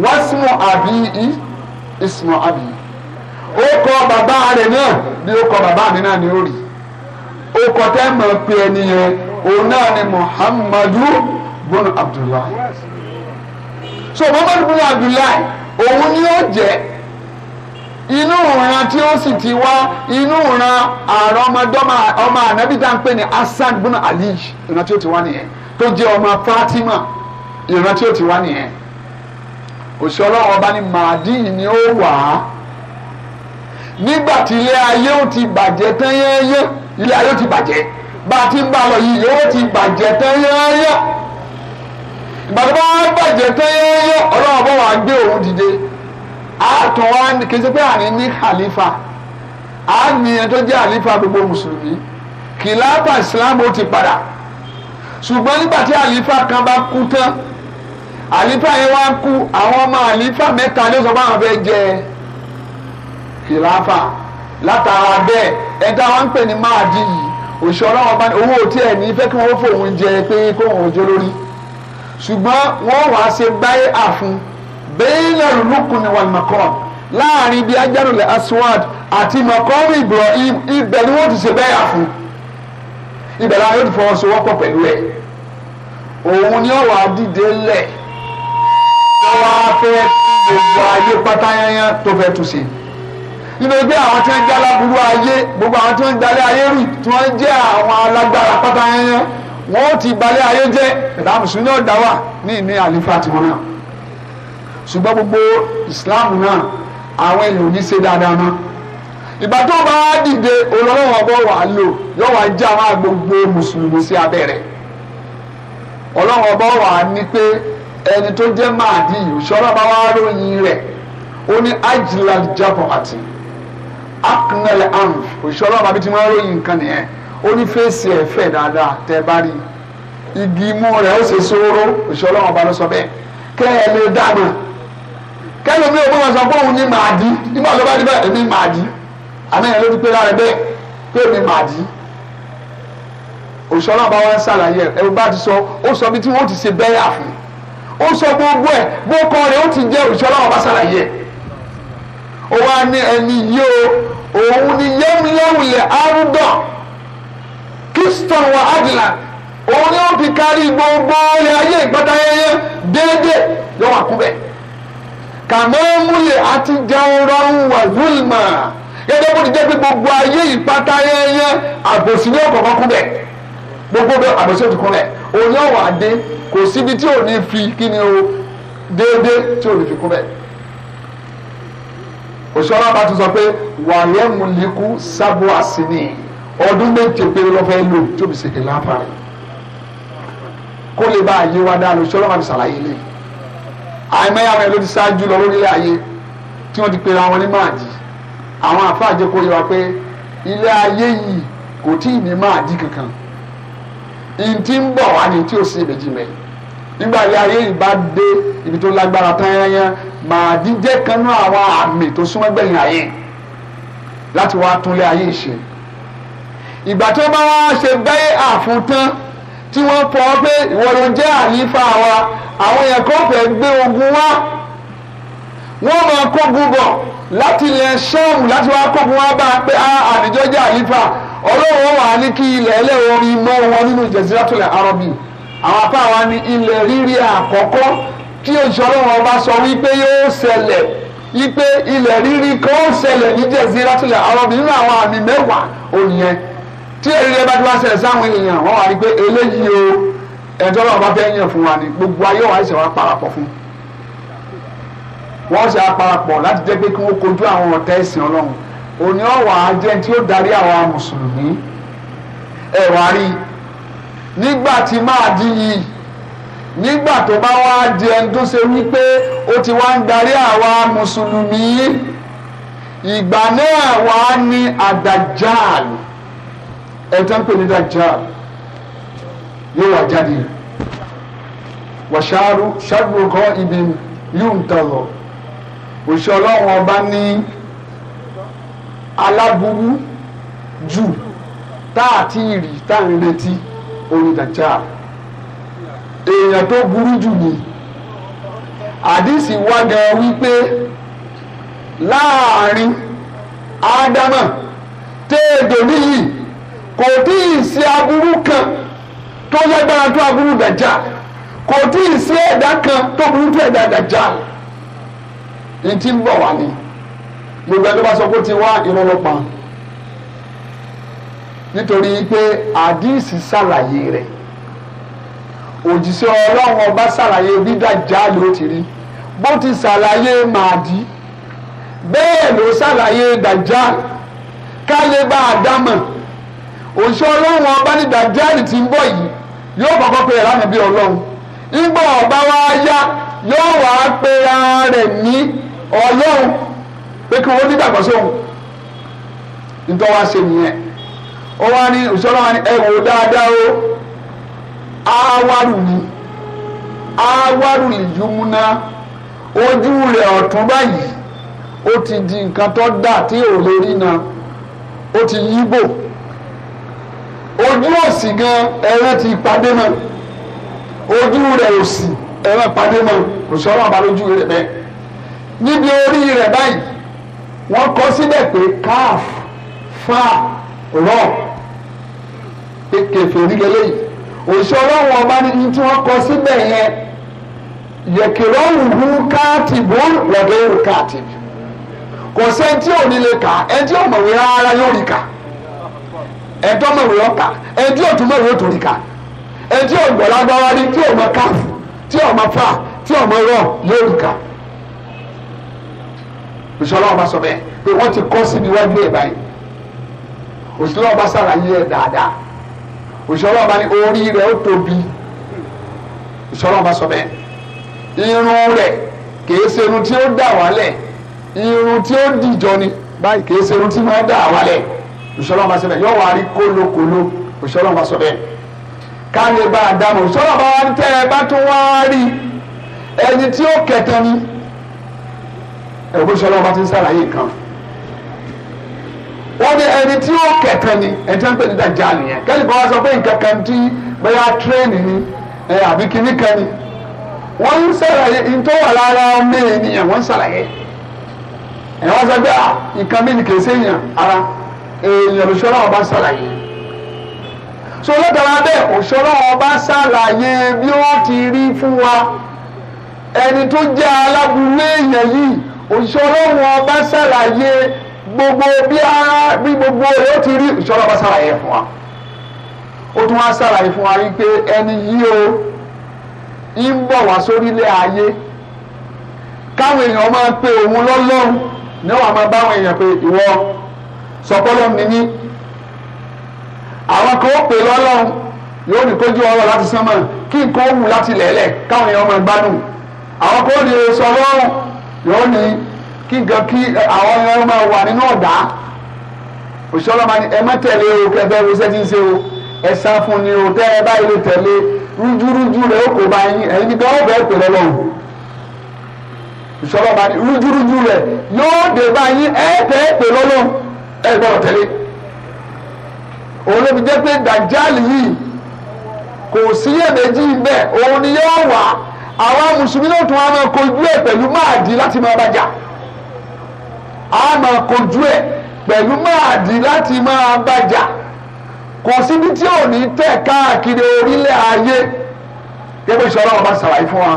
wa sumu a bi i abi, sumu abi, o kɔ baba re nɛ bi o kɔ baba mi na ni o ni o kɔtɛ ma pɛ ni ye o naa ni muhammadu bonu abdulayi so muhammadu Abdullahi, abdulayi o ni o jɛ. inú ìran tí ó sì ti wá inú ìran ààrọ ọmọ ànábì tá à ń pè ní Ali ìran tí ó ti wá nìyẹn tó jẹ́ ọmọ Fatima ìran tí ó ti wá nìyẹn òṣìṣẹ́ ọlọ́run ọba ní màdí ni ó wà á nígbà tí ilé ti bàjẹ́ tán yẹ́yẹ́ ilé ayé ti bàjẹ́ bá a ti ń bá lọ yìí ti bàjẹ́ tán yẹ́yẹ́ ìgbà tó bá bàjẹ́ àtọ̀ wa kì í ṣe pé àní ní khalifa a ní ẹni tó jẹ́ àlífà gbogbo mùsùlùmí kìláàfà ìsìláàmù ó ti padà ṣùgbọ́n nígbà tí àlífà kan bá kú tán àlífà yẹn wá kú àwọn ọmọ àlífà mẹ́ta ló sọ fáwọn fẹ́ jẹ kìláàfà látara bẹ́ẹ̀ ẹ̀dá wa ń pè ní máàdì yìí òṣù ọlọ́wọ́ bá ní owó tí ẹ̀ ní fẹ́ kí wọ́n fòun jẹ pé kóun òjò lórí ṣùgbọ́n wọ́n wàá ṣe gbáyé àfun bẹ́ẹ̀nà rúkùn wà mọ̀kàn láàrin bíi ajánulẹ̀ aswad àti mọ̀kàn ibrahim ibẹ̀ ni wọ́n ti ṣe bẹ́ẹ̀ àfún ibẹ̀ la yóò ti fọwọ́sowọ́pọ̀ pẹ̀lú ẹ̀ òun ni ọ̀wà dìde lẹ̀ ọ̀wà fẹ́ gbogbo ayé pátáyányá tó fẹ́ tún ṣe nítorí pé àwọn tí wọ́n jẹ́ aláburú ayé gbogbo àwọn tí wọ́n dalẹ̀ ayé rì tí wọ́n jẹ́ àwọn alágbára pátáyányá wọ́n ti balẹ̀ ayé jẹ́ ìdá mùsùlùmí náà dá wà ní ìní àlífà tiwọn náà ṣùgbọ́n gbogbo Islam náà àwọn èèyàn ò ní ṣe dáadáa mọ́ ìgbà tó bá dìde olólùwọ̀n ọgbọ́ wà lò yóò wá já máa gbogbo mùsùlùmí sí abẹ́rẹ́ ọlọ́run ọgbọ́ wà ní pé ẹni tó jẹ́ màdí ìṣọ́ra bá wá ròyìn rẹ̀ ó ní ajilal jabọ àti aknel amf òṣìṣọ́ra bàbá tí wọ́n ròyìn nǹkan nìyẹn ó ní fèsì ẹ̀ fẹ̀ dáadáa tẹ́ bá rí igi imú rẹ̀ ó ṣe sóró òṣìṣọ́ra ọba ló sọ bẹ́ẹ̀ kẹ́ ẹ lè dáná kẹ́lò mi ò gbọ́dọ̀ sọ pé òun ni màá di nígbà tó bá dé bẹ́ẹ̀ èmi màá di àmẹ́yẹ ló ti pé lára bẹ́ẹ̀ pé èmi màá di òṣùwọ́n náà bá wá ń ṣàlàyé ẹ̀ ẹ̀ bá ti sọ ó sọ bí tí wọ́n ti ṣe bẹ́ẹ̀ àfin ó sọ gbogbo ẹ̀ bó kọ́ rẹ̀ ó ti jẹ́ òṣùwọ́n náà ṣàlàyé ó wá ní ẹni yé o òun ni yẹ́múyẹ́wùlẹ̀ arúgbọ̀n Kingston wa Adelaide òun ni ó fi kárí gbogbo ilẹ̀ ayé ìgbàdáyẹyẹ déédéé yọ wà kàmọ́múlẹ̀ àti jẹun wà zulma gẹ́gẹ́ bó ti jẹ́ pé gbogbo ayé ìpátá yẹ́yẹ́ àbòsí ní ọ̀kọ̀ọ̀kan kú bẹ̀ gbogbo bẹ àbòsí òtún kún bẹ̀ òní ọ̀wà dé kò síbi tí ò ní fi kí ni o déédéé tí ò ní fi kún bẹ̀ òṣìṣẹ́ ọlọ́pàá tún sọ pé wàyẹ̀ múlikú sábò àsìní ọdún méje péré lọ́fẹ́ lò tóbi sèké láǹfààní kó lè bá àyè wa dáa lòṣìṣẹ́ ọlọ́pàá mi ṣàlàyé lẹ́yìn àìmọye àwọn ẹ̀ ló ti ṣáájú lọ lórílẹ̀ ayé tí wọ́n ti pe àwọn ní Mahdi àwọn àfáà jẹ́ kó yé wa pé ilé ayé yìí kò tí ì ní Mahdi kankan ntí ń bọ̀ wá ní tí ò sí ìbejì mẹ́ nígbà ilé ayé yìí bá dé ibi tó lágbára tán yányán Mahdi jẹ́ kan náà àwọn àmì tó súnmọ́ gbẹ̀yìn ayé láti wá túnlé ayé ṣe ìgbà tó bá wá ṣe bẹ́ẹ̀ àfún tán tí wọ́n fọ́ pé ìwọ ló jẹ́ àyífà wa àwọn èèyàn kan fẹ́ gbé ogun wá wọ́n máa kógun bọ̀ láti ilẹ̀ ṣọ́ọ̀mù láti wá kógun wá bá a pé àdìjọ́ jẹ́ àlífà ọlọ́run wà ní kí ilẹ̀ ẹlẹ́wọ̀n mọ́ wọn nínú jẹ̀síratulẹ̀ arọ́bì àwọn apá wa ní ilẹ̀ rírí àkọ́kọ́ tí oṣù ọlọ́run ọba sọ wípé yóò ṣẹlẹ̀ wípé ilẹ̀ rírí kan ó ṣẹlẹ̀ ní jẹ̀síratulẹ̀ arọ́bì nínú àwọn àmì mẹ́wàá òyìn tí èrè bá ti wá ṣẹlẹ̀ sáwọn èèyàn wọ́n wà ní pé eléyìí o ẹjọ́ lọ́wọ́ bá fẹ́ yàn fún wa ni gbogbo ayé wa ṣe wá parapọ̀ fún wọ́n ṣe àparapọ̀ láti jẹ́ pé kí wọ́n kojú àwọn ọ̀tá ẹ̀sìn ọlọ́run òní ọ̀wà ajẹ́ tí ó darí àwa mùsùlùmí ẹ̀wà rí nígbà tí máa di yìí nígbà tó bá wá di ẹni tó ṣe wípé ó ti wá ń darí àwa mùsùlùmí ìgbà náà wá ní àdàjáàlù ẹ̀tọ́ ń pè ní àdàjáàlù yóò wá jáde wàṣáàrú ṣàgbọ̀kọ́ ibi yóò ń tọ̀lọ̀ òṣìṣẹ́ ọlọ́run ọba ní aláburú jù tá àti ìrì tá à ń retí orin dàjà èèyàn tó burú jù ni àdìsí wá gan wípé láàrin ádámà téèdò níyì kò tí ì ṣe aburú kan tó lágbára tó aburú dàjà kò tí ì sí ẹ̀dá kan tó burú tó ẹ̀dá dàjà ní ti ń bọ̀ wá ni gbogbo ẹni bá sọ pé ó ti wá irun ló pa nítorí pé àdìsí ṣàlàyé rẹ̀ òjíṣẹ́ ọlọ́run ọba ṣàlàyé bí ló ti rí bó ti ṣàlàyé màdí bẹ́ẹ̀ ló ṣàlàyé dàjà káyé bá a dámọ̀ òṣìṣẹ́ ọlọ́run ọba ní dàjà ti ń bọ̀ yìí yóò kọ́kọ́ pe ẹ̀rá nàbí ọlọ́run nígbà ọ̀gbá wa yá yóò wá pe ara rẹ̀ ní ọlọ́run pé kí wọ́n nígbàgbọ́ sóhun nítorí wá ṣe nìyẹn ó wá ní òṣèlú ní ẹ wò dáadáa o ni ojú rẹ̀ ọ̀tún báyìí ó ti di nǹkan dà tí ò lè náà ó ti yíbò. ojú òsì gan ẹran ti padé mọ́ ojú rẹ̀ òsì ẹran padé mọ́ òsì ọlọ́run bá lójú rẹ̀ bẹ́ẹ̀ níbi orí rẹ̀ báyìí wọ́n kọ síbẹ̀ pé káf fà rọ̀ kẹfẹ́ orí lélẹ́yìí òsì ọlọ́run ọba ní tí wọ́n kọ síbẹ̀ yẹn yẹ̀kẹ̀rọ̀ wù káàtìbù lọ́dọ̀ wù káàtìbù kò sẹ́ni tí ò ní lè kà ẹni tí ò mọ̀wé rárá yóò rí kà ẹ̀tọ́ mọ̀wé ọ̀ka ẹ̀tí ọ̀tún mọ̀wé òtún nìka ẹ̀tí ọ̀gbọ̀n lágbára ní tí ọ̀mọ káf tí ọ̀mọ fà tí ọ̀mọ rọ̀ yóò nìka. òṣìṣẹ́ ọlọ́wọ́ bá sọ bẹ́ẹ̀ pé wọ́n ti kọ́ síbi wájú ẹ̀ báyìí òṣìṣẹ́ ọlọ́wọ́ bá sàlàyé ẹ̀ dáadáa òṣìṣẹ́ ọlọ́wọ́ ní orí rẹ̀ ó tóbi òṣìṣẹ́ ọlọ́wọ́ sọ bẹ́ẹ̀ irun rẹ̀ kìí ṣe irun tí ó dà wálẹ̀ irun tí ó dìjọ ni báyìí kìí ṣe irun tí wọ́n dà wálẹ̀ òṣèlú ọba sọbẹ yóò wá rí kólókóló òṣèlú ọba sọbẹ káyé bá a dámọ̀ òṣèlú ọba wa tẹ ẹ bá tún wá rí ẹni tí ó kẹtàn ni ẹgbẹ́ òṣèlú ọba ti ń sàlàyé kan wọ́n ní ẹni tí ó kẹtàn ni ẹni tí wọ́n pè ní dàjà nìyẹn kẹ́lí bá wa sọ pé nǹkan kan tí bẹ́yà tírẹ́ẹ̀nì ni ẹ àbí kíní kan ni wọ́n ń sàlàyé ntọ́ wà lára ọmọ ènìyàn wọ́n ń sàlàyé ẹ̀ wọ́n sọ pé nǹkan mi nìkan ṣe yàn ara èèyàn lòṣọ́ náà bá ṣàlàyé so lọ́tara bẹ́ẹ̀ òṣọ́ náà bá ṣàlàyé bí ó ti rí fún wa ẹni tó jẹ́ alábùlé èèyàn yìí òṣìṣẹ́ ọlọ́run ọba ṣàlàyé gbogbo bí ara bí gbogbo rẹ̀ ó ti rí òṣìṣẹ́ ọlọ́run ọba ṣàlàyé fún wa ó tún wá ṣàlàyé fún wa wípé ẹni yìí o ń bọ̀ wá sórílẹ̀ ayé káwọn èèyàn máa pe òun lọ́lọ́run ní wàá máa bá àwọn èèyàn pé ìwọ sọpọ́lọ́ ní ní àwọn kan ó pè lọ́lọ́run yóò ní kójú ọ̀rọ̀ láti sánmọ̀ kí nǹkan ó wù láti lẹ̀ẹ́lẹ̀ káwọn èèyàn máa gbádùn àwọn kan ó ní oṣù ọlọ́run yóò ní kí nǹkan kí àwọn èèyàn máa wà nínú ọ̀dá òṣìṣẹ́ ọlọ́run ẹ má tẹ̀lé o kẹfẹ́ wo ṣẹ́ ti ń ṣe o ẹ sá fún ni o tẹ́ ẹ báyìí lè tẹ̀lé rújúrújú rẹ̀ ó kò bá yín ẹ̀yin ní gan ó bẹ́ẹ̀ pè lọ́lọ́run òṣìṣẹ́ ọlọ́run máa ní rújúrújú rẹ̀ yóò dé báyìí ẹ tẹ́ ẹ pè lọ́lọ́run ẹ gbọ́dọ̀ tẹ̀lé òun ló fi jẹ́ pé dàjáàlì yìí kò síyèméjì bẹ́ẹ̀ òun ni yóò wá àwa mùsùlùmí náà tún wá máa kojú ẹ̀ pẹ̀lú máàdì láti máa bàjá a máa kojú ẹ̀ pẹ̀lú máàdì láti máa bàjá kò síbi tí ò ní tẹ̀ káàkiri orílẹ̀ ayé gẹ́gẹ́ ìṣọ̀rọ̀ ọba ṣàlàyé fún wa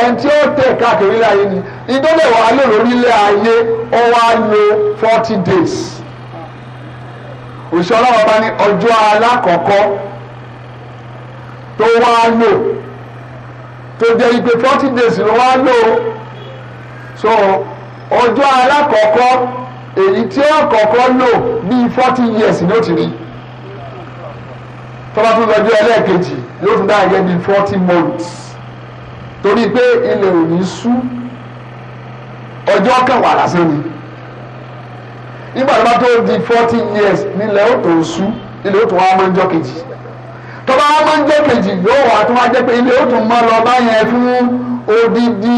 ẹni tí ó tẹ̀ káàkiri orílẹ̀ ayé ni ìdọ́lẹ̀wọ̀ alẹ́ orílẹ̀ ayé ó wá lò forty days òṣìṣẹ́ ọlọ́wọ́ bá ní ọjọ́ alákọ̀ọ́kọ́ tó wá lò tó jẹ́ ipe forty days ló wá lò so ọjọ́ alákọ̀ọ́kọ́ èyí tí ó kọ̀ọ̀kọ́ lò bíi forty years ni ó ti rí tọ́ba tó lọ́jọ́ ẹlẹ́ẹ̀kejì yóò tún dáa gẹ́gẹ́ bíi forty months torí pé ilẹ̀ ò ní sú ọjọ́ kẹwàá lásán ni nígbà tó bá tó di forty years nílẹ̀ ó tó sú ilé ó tó wá mọ́jọ́ kejì tó bá wá mọ́jọ́ kejì yóò wá tó wá jẹ́ pé ilé ó tó mọ́ lọ báyẹn fún odidi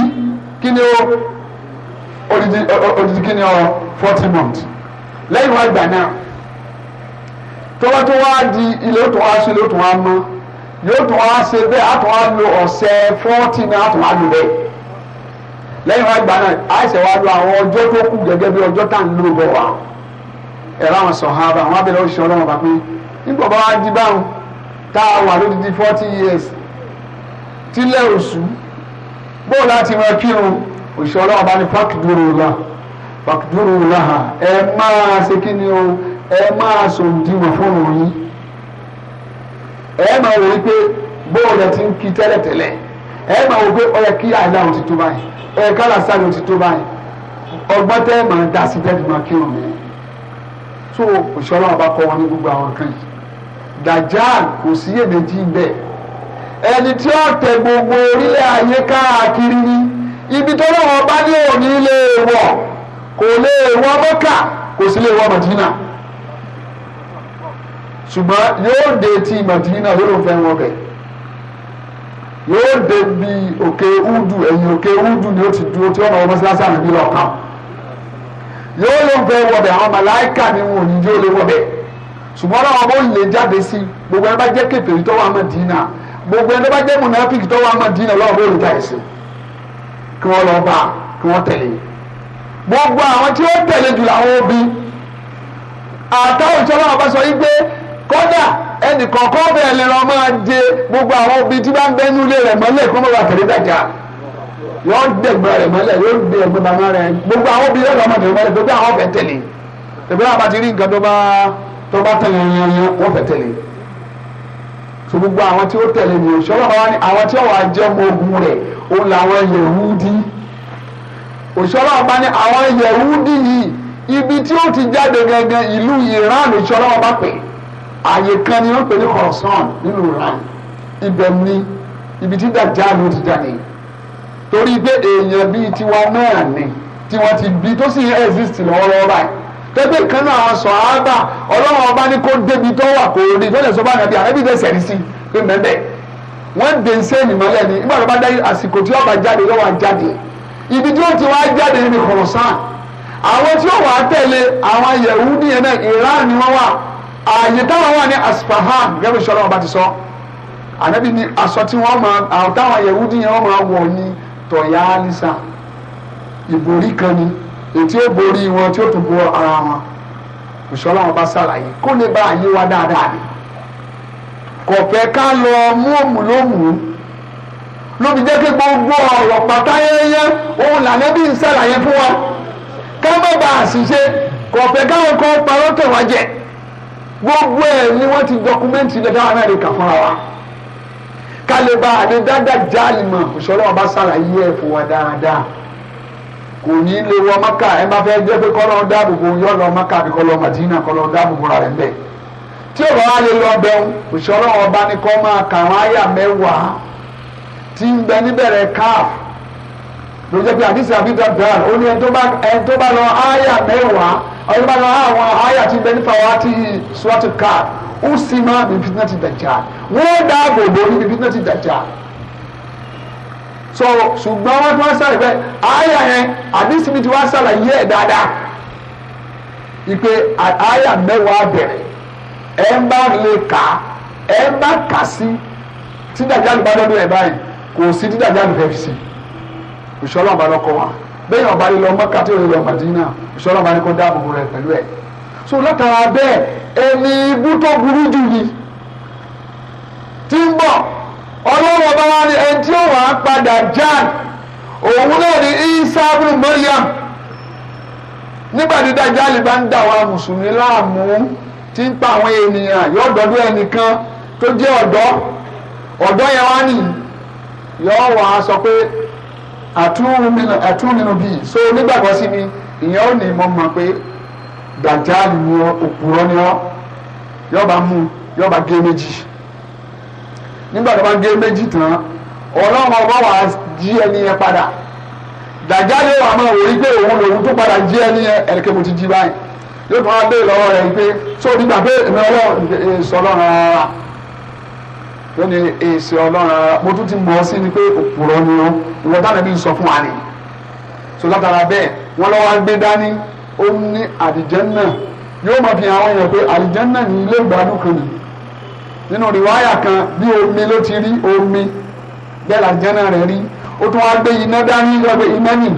kí ni ó odidi odidi kí ni ó forty months lẹ́yìn wá gbà náà tó bá tó wá di ilé ó tó wá sú ilé ó tó wá mọ́ yóò tó wá ṣe bẹ́ẹ̀ á tó wá lo ọ̀sẹ̀ forty náà á tó wá lo bẹ́ẹ̀. lẹ́yìn wá gbà náà àìsẹ̀ wa lu àwọn ọjọ́ tó kù gẹgẹ bí ọjọ́ tá à ń lò bọ̀ wá ẹ̀rọ àwọn sọ̀hábà àwọn abẹ́rẹ́ oṣù ọlọ́run bá pé nígbà bá wá di báwọn tá a wà lódidi forty years tílẹ̀ oṣù bóò láti rán kírun oṣù ọlọ́run bá ní fàkìdúró la fàkìdúró la ẹ máa ṣe kí ni o ẹ máa sòǹdìwọ̀n fún òun ẹ máa bóò lẹ ti ń kí tẹ́lẹ̀tẹ́lẹ̀ ẹ máa wò pé ọyẹ kí àìlá òsì tó báyìí ọyẹ kára sáré òsì tó báyìí ọgbọ́n tẹ́ ẹ máa dá sí tẹ́tù máa kírun mi tó òṣìṣẹ́ ọlọ́run bá kọ́ wọn ní gbogbo àwọn kan yìí dajal kò sí èméjì bẹ́ẹ̀ ẹni tí ó tẹ gbogbo orílẹ̀ ayé káàkiri ni ibi tó lọ́wọ́ bá ní òní lè wọ̀ kò lè wọ̀ mọ́kà kò sí lè wọ̀ mọ̀dínà ṣùgbọ́n yóò dé ti mọ̀dínà yóò fẹ́ wọn bẹ́ẹ̀ yóò dé bi òkè údù ẹ̀yìn òkè údù ni ó ti dúró tí wọ́n máa wọ́n síláṣà níbí lọ́kàn yóò ló ń fẹ́ wọbẹ̀ àwọn màláìkà ni wọn ò ní yóò lè wọbẹ̀ ṣùgbọ́n láwọn ọmọ òlè jáde sí gbogbo ẹni bá jẹ́ kèfèrí tó wà Mádínà gbogbo ẹni bá jẹ́ mùnàfíkì tó wà Mádínà lọ́wọ́ bó lè ta ẹ̀sìn kí wọ́n lọ bá kí wọ́n tẹ̀lé e. gbogbo àwọn tí ó tẹ̀lé jù làwọn òbí àtàwọn ìṣọ́lá ẹnìkan kọ́ bẹ́ẹ̀ lè lọ́ọ́ máa de gbogbo àwọn òbí tí bá ń bẹ́ nílé rẹ̀ mọ́lẹ̀ kó máa wà tẹ̀lé yóò dẹ̀gbọ́n rẹ̀ mọ́lẹ̀ yóò bàmá rẹ̀ gbogbo àwọn òbí yóò lọ́ọ́ tẹ̀lé mọ́lẹ̀ gbogbo àwọn ọ̀fẹ́ tẹ̀lé tẹ̀lé àwọn àti rí nǹkan tó bá tó bá tẹ̀lé wọ́n fẹ́ tẹ̀lé so gbogbo àwọn tí ó tẹ̀lé ni ibi tí àyè kan ni wọ́n pè ní kọ̀ọ̀sán nínú ran ibẹ̀ ni ibi tí dàjà ló ti jáde torí pé èèyàn bíi tiwa náà ni tí ti bí tó sì exist lọ́wọ́lọ́wọ́ báyìí tẹ́gbẹ́ kan náà àwọn sọ̀ ábà ọlọ́run ọba ní kó débi tó wà kó rí tó lè sọ bá nàbí àrẹ́bí tẹ̀ sẹ̀rí sí pé mẹ́bẹ̀ wọ́n dé ń sẹ́yìn mọ́lẹ̀ ni nígbà tó bá dá àsìkò tí ọba jáde lọ́wọ́ jáde ibi tí ó ti wá jáde ní kọ̀ọ̀sán àwọn tí ó wà tẹ̀lé àwọn yẹ̀wù nìyẹn náà ìran ni wọ́n wà ààyè táwọn wà ní asfahan gẹ́gẹ́ bí sọlọ́wọ́ bá ti sọ ànábì ní aṣọ tí wọ́n máa àwọn táwọn yẹ̀wúdí yẹn wọ́n máa wọ̀ ní tọ̀yà alisa ìborí kan ni ètí ó borí wọn tí ó tún bo ara wọn ìṣọlọ́wọ́ bá ṣàlàyé kó lè bá àyè wa dáadáa ni kò fẹ́ ká lọ mú òmù lómù lóbi jẹ́ pé gbogbo ọ̀rọ̀ pátá yẹ́yẹ́ òun lànàbí ń ṣàlàyé fún wa ká má bàa ṣiṣẹ́ kò fẹ́ káwọn kan parọ́ tẹ̀ gbogbo ẹ̀ ni wọ́n ti dọkumẹ́ntì dẹ́gbẹ́ àwọn ẹ̀rí kà fúnra wa kálíba àdédáda jáàlì mọ̀ òṣèlú ọba ṣàlàyé ẹ̀ fún wa dáadáa kò ní lè wọ maka ẹ máa fẹ́ jẹ́ pé kọ́lọ́ dáàbò bò yọ lọ maka àbí kọ́lọ́ madina kọ́lọ́ dáàbò bò rẹ̀ bẹ́ẹ̀ tí ọ̀rọ̀ wa lè lọ bẹ́ẹ̀ òṣèlú ọba ni kọ́ máa kà wọ́n àyà mẹ́wàá tí ń bẹ níbẹ̀rẹ̀ káàfù ló jẹ́ pé àdìsí àbí dàbí dàbí ó ní ẹni tó bá lọ àyà mẹ́wàá ọ̀rẹ́ bá náà àwọn àyà ti bẹ nípa wa ti sùwàtì ká ó sì máa bí fitna ti dàjà wọ́n dáàbò bò níbi fitna ti dàjà so ṣùgbọ́n wọ́n ti wá sàlẹ̀ bẹ́ẹ̀ àyà yẹn àdìsí mi ti wá sàlàyé ẹ̀ dáadáa ìpè àyà mẹ́wàá bẹ̀rẹ̀ ẹ̀ ń bá lè kà ẹ̀ ń bá kà sí tí dàjà lè bá dọ́dún ẹ̀ báyìí kò sí tí dàjà lè fẹ́ fi sí òṣèlú àbálọ́kọ̀ wa bẹ́ẹ̀ ọba yìí lọ mọ́ká tí ò lọ Màdínà ìṣọ́lá máa ní kó dáàbò rẹ̀ pẹ̀lú ẹ̀ so látara bẹ́ẹ̀ ẹni ibú tó burú jù yìí ti ń bọ̀ ọlọ́run ọba wa ni ẹni tí ó wà á padà jan òun náà ni Isa ibn Maryam nígbà tí Dájálì bá ń dà wá mùsùlùmí láàmú tí ń pa àwọn ènìyàn yóò dọ́dún ẹnìkan tó jẹ́ ọ̀dọ́ ọ̀dọ́ yẹn wá nìyí yọ wà sọ pé àtúnmínú bíi so onígbàgbọ́ sí ni ìyẹn ò ní mọ̀ mọ̀ pé dàjáàlì ni ọ òpùrọ́ ni ọ yóò bá mú yóò bá gé méjì nígbà tó bá gé méjì tán ọlọ́run ọba wà á jí ẹni yẹn padà dàjáde wà máa wò wípé òun lòun tó padà jí ẹni yẹn ẹnìkan mo ti jí báyìí yóò tún wá dé lọ́wọ́ rẹ̀ wípé tó nígbà pé ìmọ̀ ọlọ́run sọ lọ́rùn rárá ó ní èsì ọlọ́run ara mo tún ti mọ̀ ọ́ sí ni pé òpùrọ̀ ni ó ìwọ táwọn ẹbí ń sọ fún wa ni so látara bẹ́ẹ̀ wọ́n lọ́ wá gbé dání ó ní àlìjẹ́nnà yóò máa fi àwọn èèyàn pé àlìjẹ́nnà ní ilé ìgbádùn kan nì nínú rìwáyà kan bí omi ló ti rí omi bẹ́ẹ̀ làlìjẹ́nnà rẹ̀ rí ó tún wá gbé iná dání lọ gbé iná nì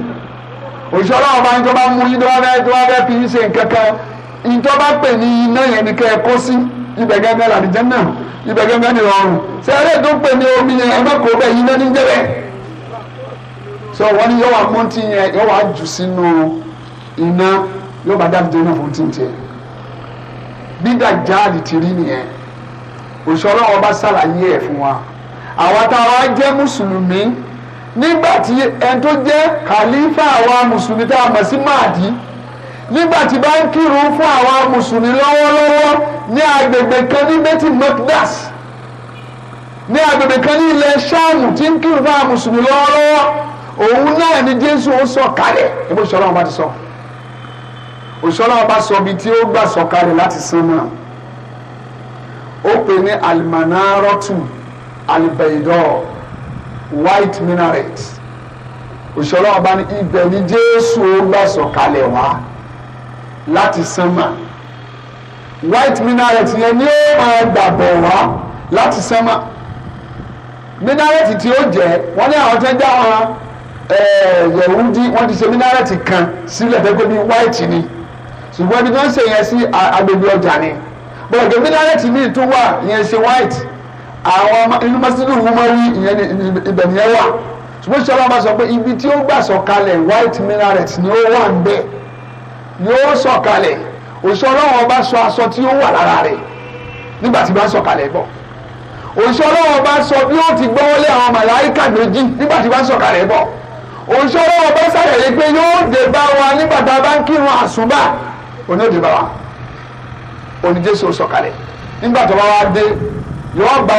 òṣìṣẹ́ ọlọ́run bá ń jọba mú yín tó wá fẹ́ fi yín ṣe nǹkan kan ìjọba pè ní iná yẹn ni kẹ́ ẹ kó sí ibẹ̀ gẹ́gẹ́ la àlìjẹ́nà ibẹ̀ gẹ́gẹ́ ni ọrùn ṣé eré tó ń pè ní omi yẹn ẹgbẹ́ kò bẹ́ẹ̀ yín lẹ́ni jẹ́bẹ̀ so wọ́n ní yọ̀wá mọ́tì yẹn yọ̀wá jù sínú iná yóò bá dáàbò dénú fún tìǹtì bí dàjáàlì ti rí nìyẹn òṣèlú ọlọ́wọ́ bá ṣàlàyé ẹ̀ fún wa àwọn táwa jẹ́ mùsùlùmí nígbà tí ẹni tó jẹ́ kàlífà wa mùsùlùmí tá a mọ̀ sí máàdì nígbà tí bá ń kírun fún àwọn mùsùlùmí lọ́wọ́lọ́wọ́ ní agbègbè kan ní betty mcdas ní agbègbè kan ní ilẹ̀ ṣọ́ọ̀mù tí ń kírun fún àwọn mùsùlùmí lọ́wọ́lọ́wọ́ òun náà ni jésù ó sọ kalẹ̀ ebo ìṣọ́lá wọn bá ti sọ òṣọ́lá wọn bá sọ ibi tí ó gbà sọ kalẹ̀ láti sánmà ó pè ní alimanarọ́tù alibẹ̀dọ̀ white minaret òṣọ́lá wọn bá ní ibẹ̀ ni jésù ó gbà sọ kalẹ̀ wá láti sánmà white minaret yẹn ni ó máa gbàbọ̀ wá láti sánmà minaret tí ó jẹ́ wọ́n ní àwọn tó ń dá wọn eh, yẹ̀wúndí wọ́n ti ṣe minaret kan sílẹ̀ pẹ́pẹ́ bíi white ni ṣùgbọ́n ibi tí wọ́n ṣe yẹn sí agbègbè ọjà ni bọ̀dọ̀ minaret míì tó wà yẹn ṣe white àwọn inú masinu wumari ìyẹn ibẹ̀ nìyẹn wà ṣùgbọ́n ṣọlá máa sọ pé ibi tí ó gbà sọ̀kalẹ̀ white minaret ni ó wà ń bẹ́ẹ̀. yóò sọ̀kalẹ̀ òṣìṣẹ́ ọba sọ aṣọ tí ó wà lára rẹ nígbà tí bá sọ̀kalẹ̀ bọ ọba sọ bí ó ti gbọ́wọ́lé àwọn màláìkà méjì nígbà tí bá sọ̀kalẹ̀ bọ òṣìṣẹ́ ọlọ́run ọba ṣàlàyé pé yóò dé bá wa nígbà tá a bá ń kírun òní bá wa òní jésù nígbà tó bá wa dé yóò bá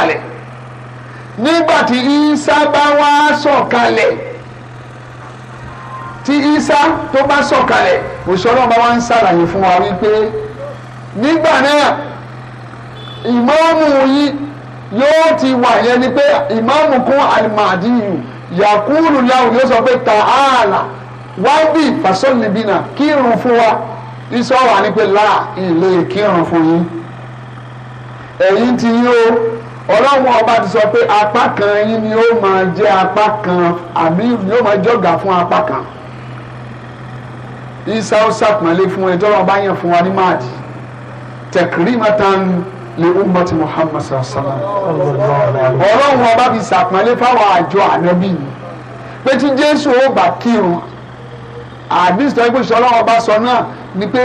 wa nígbà tí Isa bá wá sọ̀kalẹ̀ tí Isa tó bá sọ̀kalẹ̀ òṣèlú ọba wa ń ṣàlàyé fún wa wípé nígbà náà ìmáàmù yìí yóò ti wà yẹn ni pé ìmáàmù kún alimadiyu yakulu lahun yóò sọ pé ta'ala wábì fasọ́nìbínà kírun fún wa Isa wà ní pé láà ilé kírun fún yín ẹ̀yin ti yín o ọlọ́run ọba ti sọ pé apá kan yín ni ó máa jẹ́ apá kan àmì ni ó máa jọ̀gà fún apá kan isa ó ṣàpọ́nlé fún ẹni tọ́lọ́ bá yàn fún wa ní máàdì tẹ̀kírímọ́tàn lè ummati muhammad sallallahu alaihi wasallam ọlọ́run ọba fi ṣàpọ́nlé fáwọn àjọ ànábì yìí pé tí jésù ó bá kírun àdìsítọ́ ẹgbẹ́ ìṣọ́lọ́wọ́ bá sọ náà ni pé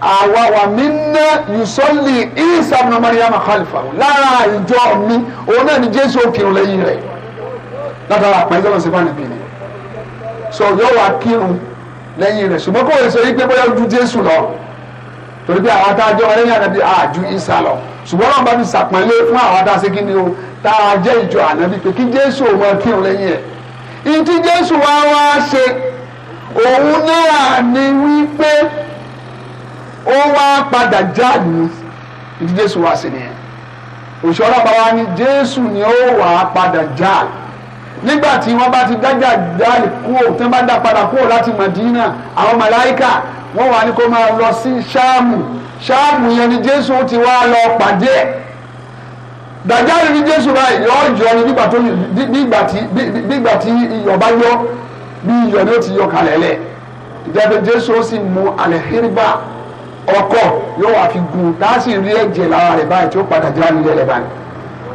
àwa wà mí ná yusọ́lì Isa ibn Maryam khalifa lára ìjọ mi òun náà ni Jésù òkìrun lẹ́yìn rẹ̀ látara àpẹẹrẹ tó lọ sí fáwọn ìbílẹ̀ so yóò wá kírun lẹ́yìn rẹ̀ ṣùgbọ́n kò sọ yí pé bóyá ojú Jésù lọ torí pé àwọn adájọ́ ẹlẹ́yìn ànábì àjú Ìsá lọ ṣùgbọ́n náà bá fi ṣàpọ́nlé fún àwọn adáṣe kí ni o tá a jẹ́ ìjọ ànábì pé kí Jésù wọn kírun lẹ́yìn ẹ̀ ìtí Jésù wá wá ṣe òun náà ni wípé ó wá padà jáde ìdí jésù wá sí nìyẹn òṣìṣẹ́ ọlọ́pàá wa ni jésù ni ó wà padà jáde nígbà tí wọ́n bá ti dájà jáde kúrò tí wọ́n bá dá padà kúrò láti mọ̀dínà àwọn màláìkà wọ́n wà ní kó máa lọ sí ṣáàmù ṣáàmù yẹn ni jésù ti wá lọ pàdé dàjáde ní jésù báyìí yọ ni nígbà tó nígbà tí nígbà tí iyọ̀ bá yọ bí iyọ̀ ni ó ti yọ kalẹ̀ lẹ̀ ìjáde jésù ó sì mú alẹ́ hírígbà ọkọ̀ yóò wá fi gun láti rí ẹ̀jẹ̀ lára rẹ̀ báyìí tí ó padà jẹ́ àlùjẹ́ rẹ̀ báyìí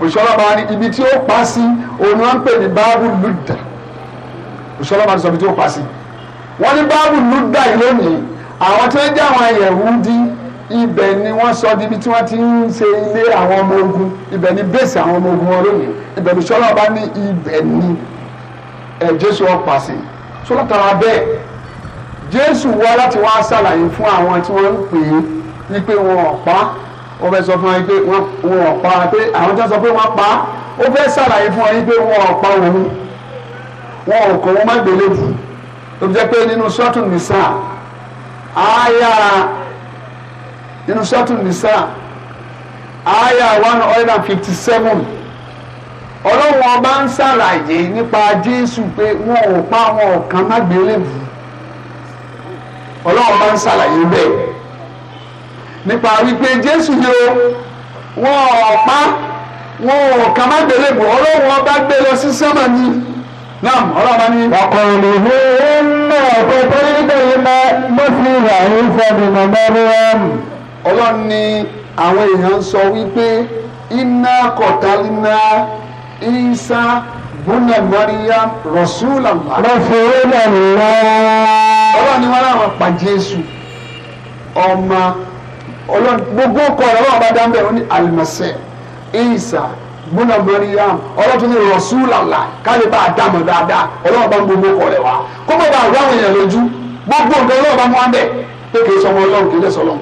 òṣìṣọ́lọ́ba ni ibi tí ó pa sí òun wọn ń pè ní báàbù lùdà òṣìṣọ́lọ́ba ti sọ ibi tí ó pa sí wọ́n ní báàbù lùdà yìí lónìí àwọn tí wọ́n jẹ́ àwọn Yẹhudi ibẹ̀ ni wọ́n sọ di ibi tí wọ́n ti ń ṣe ilé àwọn ọmọ ogun ibẹ̀ ni bẹ́ẹ̀sì àwọn ọmọ ogun wọn lónìí ibẹ̀ òṣìṣọ́lọ́ba ní ibẹ̀ ni ẹ̀jẹ̀ sọ pa sí sọlọ́tara bẹ́ẹ̀ jésù wá láti wá ṣàlàyé fún àwọn tí wọ́n ń pè é wípé wọn ò pa ó fẹ́ sọ fún wọn pé wọn ò pa pé àwọn tí wọ́n sọ pé wọ́n pa ó fẹ́ ṣàlàyé fún wọn pé wọn ò pa òun wọn ò kọ́ wọn má gbélé bù tó fi jẹ́ pé nínú sọ́ọ̀tù nìsà àyà nínú sọ́ọ̀tù nìsà àyà one hundred and fifty seven ọlọ́run ọba ń ṣàlàyé nípa jésù pé wọn ò pa wọn ò kàn má gbélé bù ọlọ́run bá ń ṣàlàyé bẹ́ẹ̀ nípa wípé jésù ni o wọn ò pa wọn ò kà má gbélé bò ọlọ́run ọba gbé lọ sí sẹ́mà ni náà ọlọ́run bá ní. ọkùnrin ìlú ọmọ ọ̀pọ̀pọ̀ nítorí máa mọ́ sí ìyàwó ìfọ̀dù mọ̀mọ́rún. ọlọ́run ni àwọn èèyàn sọ wípé iná kọ̀tà iná ìsá bùnà mọ́ríyá rọ̀ṣúlàlá. rọ̀ṣúlàlá. ọlọ́run ni wọ́n láwọn pa jésù ọmọ ọlọ́run gbogbo ọkọ rẹ̀ wọ́n bá dá mbẹ́ wọ́n ní alimọ̀sẹ̀ ìsà bùnà mọ́ríyá ọlọ́run ní rọ̀ṣúlàlá káyọ̀ bá a dá mọ̀ dáadáa ọlọ́run bá ń gbogbo ọkọ rẹ̀ wá kó bá bá àwọn èèyàn lójú gbogbo nǹkan ọlọ́run bá mú wá bẹ́ẹ̀ pé kì í sọ ọmọ ọlọ́run kì í lẹ́sọ̀ ọlọ́run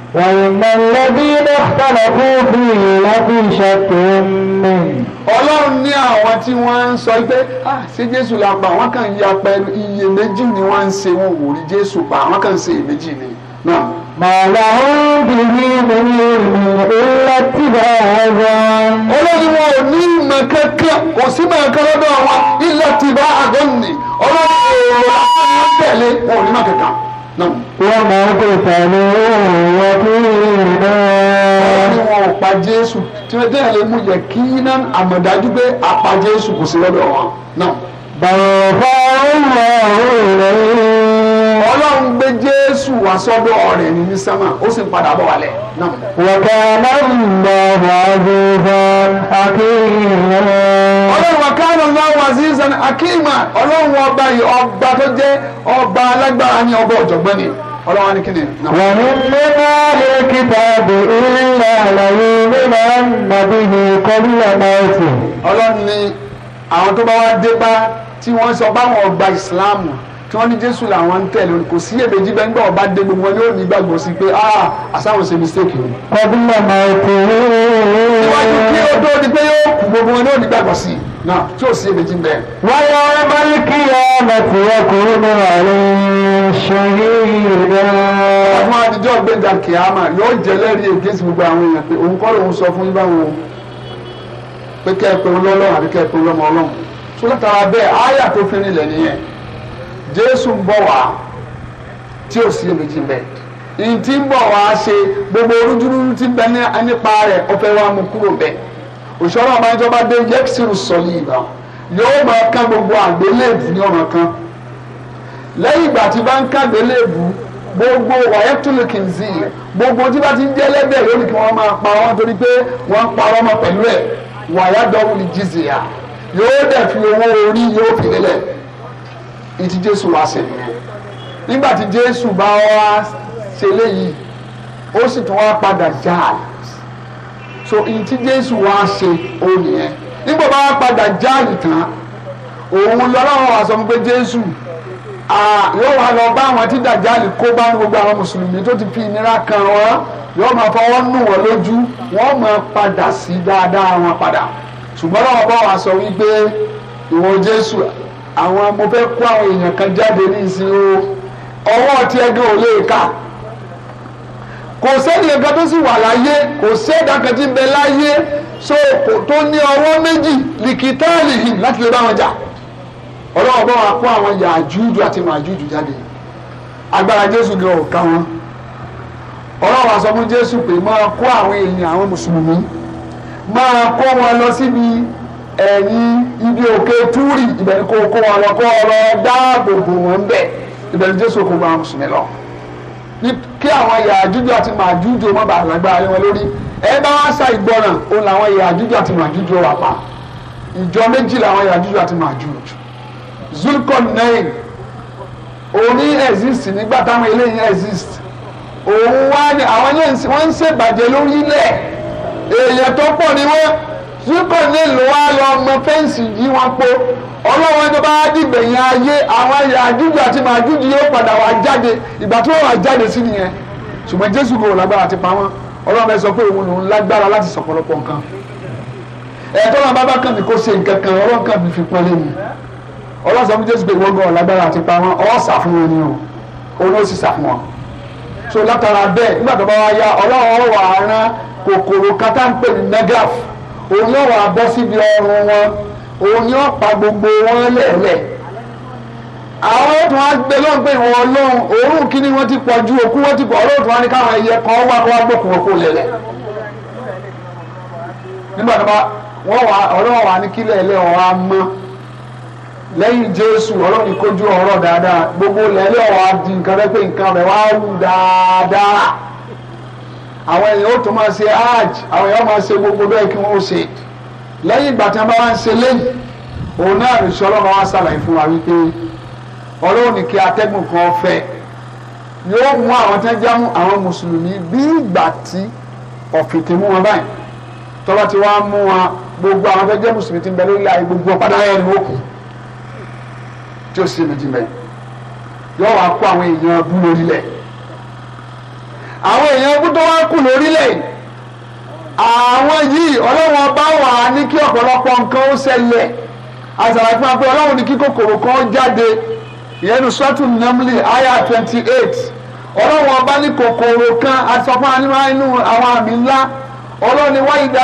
وإن الذين اختلفوا فيه لفي شك ọlọ́run ní àwọn tí wọ́n ń sọ pé ah ṣé jésù la pa àwọn kan ya pẹ̀lú iyèméjì ni wọ́n ń ṣe wọn ò rí jésù pa àwọn kan ń ṣe iyèméjì ni màlá ń bìrì mi ìlà tí bá a gbọ́. wọn ò ní ìmọ̀ kankan kò sí ìmọ̀ kankan lọ́dọ̀ wọn ìlà tí bá a gbọ́ nì ọlọ́run ò rà á tẹ̀lé wọn ò ní ìmọ̀ kankan wọ́n kò tẹ̀lé òwò kí iná. wọ́n ò pa jésù tí wọ́n tẹ̀lé mú yẹ kí iná àmọ̀dájú pé àpa jésù kò sí lọ́dọ̀ wọn. bàbá òun rẹ̀ rẹ̀. ọlọ́run gbé jésù wá sọ́dọ̀ ọ̀rẹ́ ní ní ó sì ń padà bọ̀ wálẹ̀ náà. wọ̀kẹ́ aláǹdà wàzízan ọlọ́run ọlọ́run ọba yìí ọba tó jẹ́ ọba alágbára ní ọba ọ̀jọ̀gbọ́n ni ọlọ́run ní kíni. wọ́n ní mímọ́ bí àlàyé mímọ́ ọlọ́run àwọn tó bá tí wọ́n ní jésù làwọn ń tẹ̀lé kò sí èméjì bẹ́ẹ̀ nígbà ọba dé gbogbo wọn yóò ní gbàgbọ́ sí pé ah àsáwọn ṣe mistake o. ọdún màmá ẹkọ ìwádìí kí ó tó di pé yóò kú gbogbo wọn yóò ní gbàgbọ́ sí náà tí ò sí èméjì bẹ́ẹ̀. wáyé ọ̀rẹ́ bá ní kí ọmọ tí wọ́n kú ní àárín ṣòyí rẹ̀. àwọn àtijọ́ gbẹ̀dà kìámà yóò jẹ́lẹ́rìí against gbogbo àwọn èèyàn pé òun kọ́ jésù ń bọ̀ wá tí ò sí èmi jí bẹ́ẹ̀ ìtì ń bọ̀ wá ṣe gbogbo orúdúrúdú ti bẹ nípa rẹ̀ ó fẹ́ wá mú kúrò bẹ́ẹ̀ òṣèré ọmọ ìjọba dé yẹ́kìsìrù sọ̀lì ìgbà yóò máa kán gbogbo àgbélébù ní ọ̀nà kan lẹ́yìn ìgbà tí bá ń ká àgbélébù gbogbo wàyẹ́tùlù kì í zì í gbogbo tí bá ti ń jẹ́ lẹ́bẹ̀ lónìí kí wọ́n máa pa wọ́n torí pé wọ́n ń parọ́ ọmọ pẹ̀lú ẹ̀ wàyà dọ́wọ́ ni jìzìyà yóò dẹ̀ fi owó orí yóò fi lélẹ̀ ìtí jésù wá ṣe nìyẹn nígbà tí jésù bá wá ṣe léyìí ó sì tún wá padà jáàlì so ìtí jésù wá ṣe ó nìyẹn nígbà bá wá padà jáàlì tán òun lọ́lọ́wọ́ wa sọ pé jésù yóò wá lọ bá àwọn tí dàjáàlì kó bá ní gbogbo àwọn mùsùlùmí tó ti fi ìnira kan wọn yóò máa fọwọ́ nù wọ́n lójú wọ́n máa padà sí dáadáa wọn padà ṣùgbọ́n lọ́wọ́ bá wa sọ wípé ìwọ jésù àwọn mo fẹ́ kó àwọn èèyàn kan jáde ní ìsìn o ọwọ́ ti ẹgbẹ́ ò lè kà kò sẹ́ni tó sì wà láyé kò kan ti bẹ láyé so kò tó ní ọwọ́ méjì likitali yìí láti lè bá wọn jà ọlọ́wọ́ bá kó àwọn yàjújù àti jáde agbára Jésù wọn ọlọ́wọ́ àsọmú Jésù pé máa kó àwọn èèyàn àwọn mùsùlùmí máa kó ẹ̀yìn ibi òkè túrì ìbẹ̀rù kò kó wọn lọ kó ọlọ dáàbò bò wọn ń bẹ̀ ìbẹ̀rù jésù kò máa mùsùlùmí lọ. kí àwọn ìyà àjújù àti màjújù má bàa lágbára lé wọn lórí ẹ bá wá sa ìgbọràn òun làwọn ìyà àjújù àti màjújù wà pa ìjọ méjì làwọn ìyà àjújù àti màjújù zulkarnain òun ní exist nígbà táwọn eléyìí exist òun wá ní àwọn eléyìí wọ́n ń ṣèbàjẹ́ lórílẹ̀ èèyàn tó pọ̀ ni wọ́n tí kò ní lò wá lọ mọ fẹ́ǹsì yí wọn po ọlọ́wọ́n tó bá dìgbẹ̀yìn ayé àwọn àjújù àti màjújù yóò padà wá jáde ìgbà tó wà jáde sí nìyẹn ṣùgbọ́n Jésù kò lágbára ti pa wọ́n ọlọ́run bẹ sọ pé òun lòun lágbára láti sọ̀pọ̀lọpọ̀ nǹkan ẹ̀ẹ́dọ́ náà bá bá kàn mí kó ṣe nǹkan kan ọlọ́run kàn mí fi pọ́n lé mi ọlọ́run sọ fún Jésù pé ìwọ́n gan lágbára àti pa wọ́n ọ̀ sàfihàn ni o òun ó sì sàfihàn so látara bẹ́ẹ̀ nígbà tó bá wá òun yóò wà bọ́ síbi ọrùn wọn òun yóò pa gbogbo wọn lẹ́ẹ̀lẹ́ àwọn òtún wa gbé lọ́n pé ìwọ ọlọ́run òórùn kí ni wọ́n ti pọ̀ ju òkú wọ́n ti pọ̀ ọlọ́run tún wá ní káwọn ẹyẹ kan wá kó wá gbókùn òkú lẹ̀lẹ̀ nígbà tó bá wọ́n wà ọlọ́run wà ní kílẹ̀ ẹlẹ́ wọn wá mọ́ lẹ́yìn jésù ọlọ́run ní kójú ọ̀rọ̀ dáadáa gbogbo lẹ́lẹ́ wọn á di nǹkan rẹ pé nǹkan rẹ wá wù dáadáa àwọn èèyàn ó tún máa ṣe aj àwọn èèyàn máa ṣe gbogbo bẹ́ẹ̀ kí wọ́n ó ṣe lẹ́yìn ìgbà tí wọ́n bá wá ń ṣe lẹ́yìn òun náà ní sọ ọlọ́run wá ṣàlàyé fún wa wípé ọlọ́run ní kí atẹ́gùn kan fẹ́ yóò mú àwọn tí wọ́n já mú àwọn mùsùlùmí bí ìgbà tí ọ̀fìnkì mú wọn báyìí tọ́lá ti wá mú wọn gbogbo àwọn tó jẹ́ mùsùlùmí ti ń bẹ lórí ayé gbogbo ọ̀padà ayé ni wọ́n kù tí ó sì méjì mẹ́yìn yóò wá kó àwọn èèyàn bú lórílẹ̀ àwọn èèyàn kú tó wá kù lórílẹ̀ àwọn yìí ọlọ́run ọba wà á ní kí ọ̀pọ̀lọpọ̀ nǹkan ó ṣẹlẹ̀ àṣàlàyé fún wa pé ọlọ́run ní kí kòkòrò kan jáde ìyẹn ní sọ́tù nàmlì àyà twenty eight ọlọ́run ọba ní kòkòrò kan àti sọ fún wa nínú àwọn àmì ńlá ọlọ́run ní wáyé dá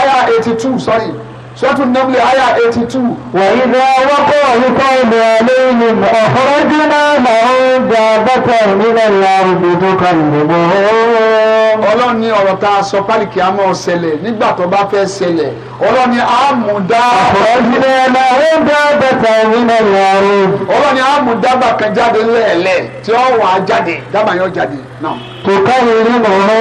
àyà eighty two sọ́yìn sọ́tù nọ́mùlẹ̀ àyà eighty two. wàyí ni àwọn kọ́ nípa ìlú ọlẹ́yìn ọ̀họ́rọ́jú náà máa ń gba bàtà nílẹ̀ ìyàwó tó kan ìdìbò. ọlọ́run ní ọ̀rọ̀ tá a sọ pálíkì àmọ́ ṣẹlẹ̀ nígbà tó bá fẹ́ ṣẹlẹ̀ ọlọ́run ní àmúdá. ọ̀họ́rọ́jú náà máa ń gba bàtà nílẹ̀ ìyàwó. ọlọ́run ní àmúdá bàkan jáde lẹ́ẹ̀lẹ́ tí ó wà á jáde dábàá yóò jáde náà. kò káwọn èèyàn mọ̀ ọ́.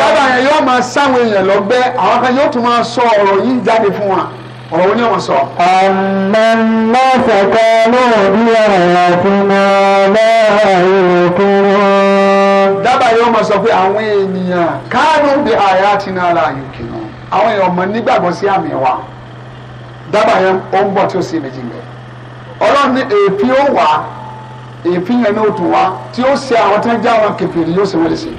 bàbá yẹn yóò máa sáwọn èèyàn lọ́gbẹ́ àwọn kan yóò tún máa sọ ọrụ yìí jáde fún wa ọ̀rọ̀ wo ni sọ. àmọ́ lọ́sọ̀kọ́ náà bí ọ̀rọ̀ fún ọlọ́run dábàá yóò máa sọ pé àwọn ènìyàn káàánú bí àyà ti náà la yòókè náà àwọn èèyàn nígbàgbọ́ sí àmì wa dábàá yẹn ó ń bọ̀ tí ó sì méjì ọlọ́run ní èéfín ó èéfín yẹn ní òtún wa tí ó ṣe àwọn tí wọ́n já àwọn kèfèrí yóò ṣe wọ́n lè ṣe.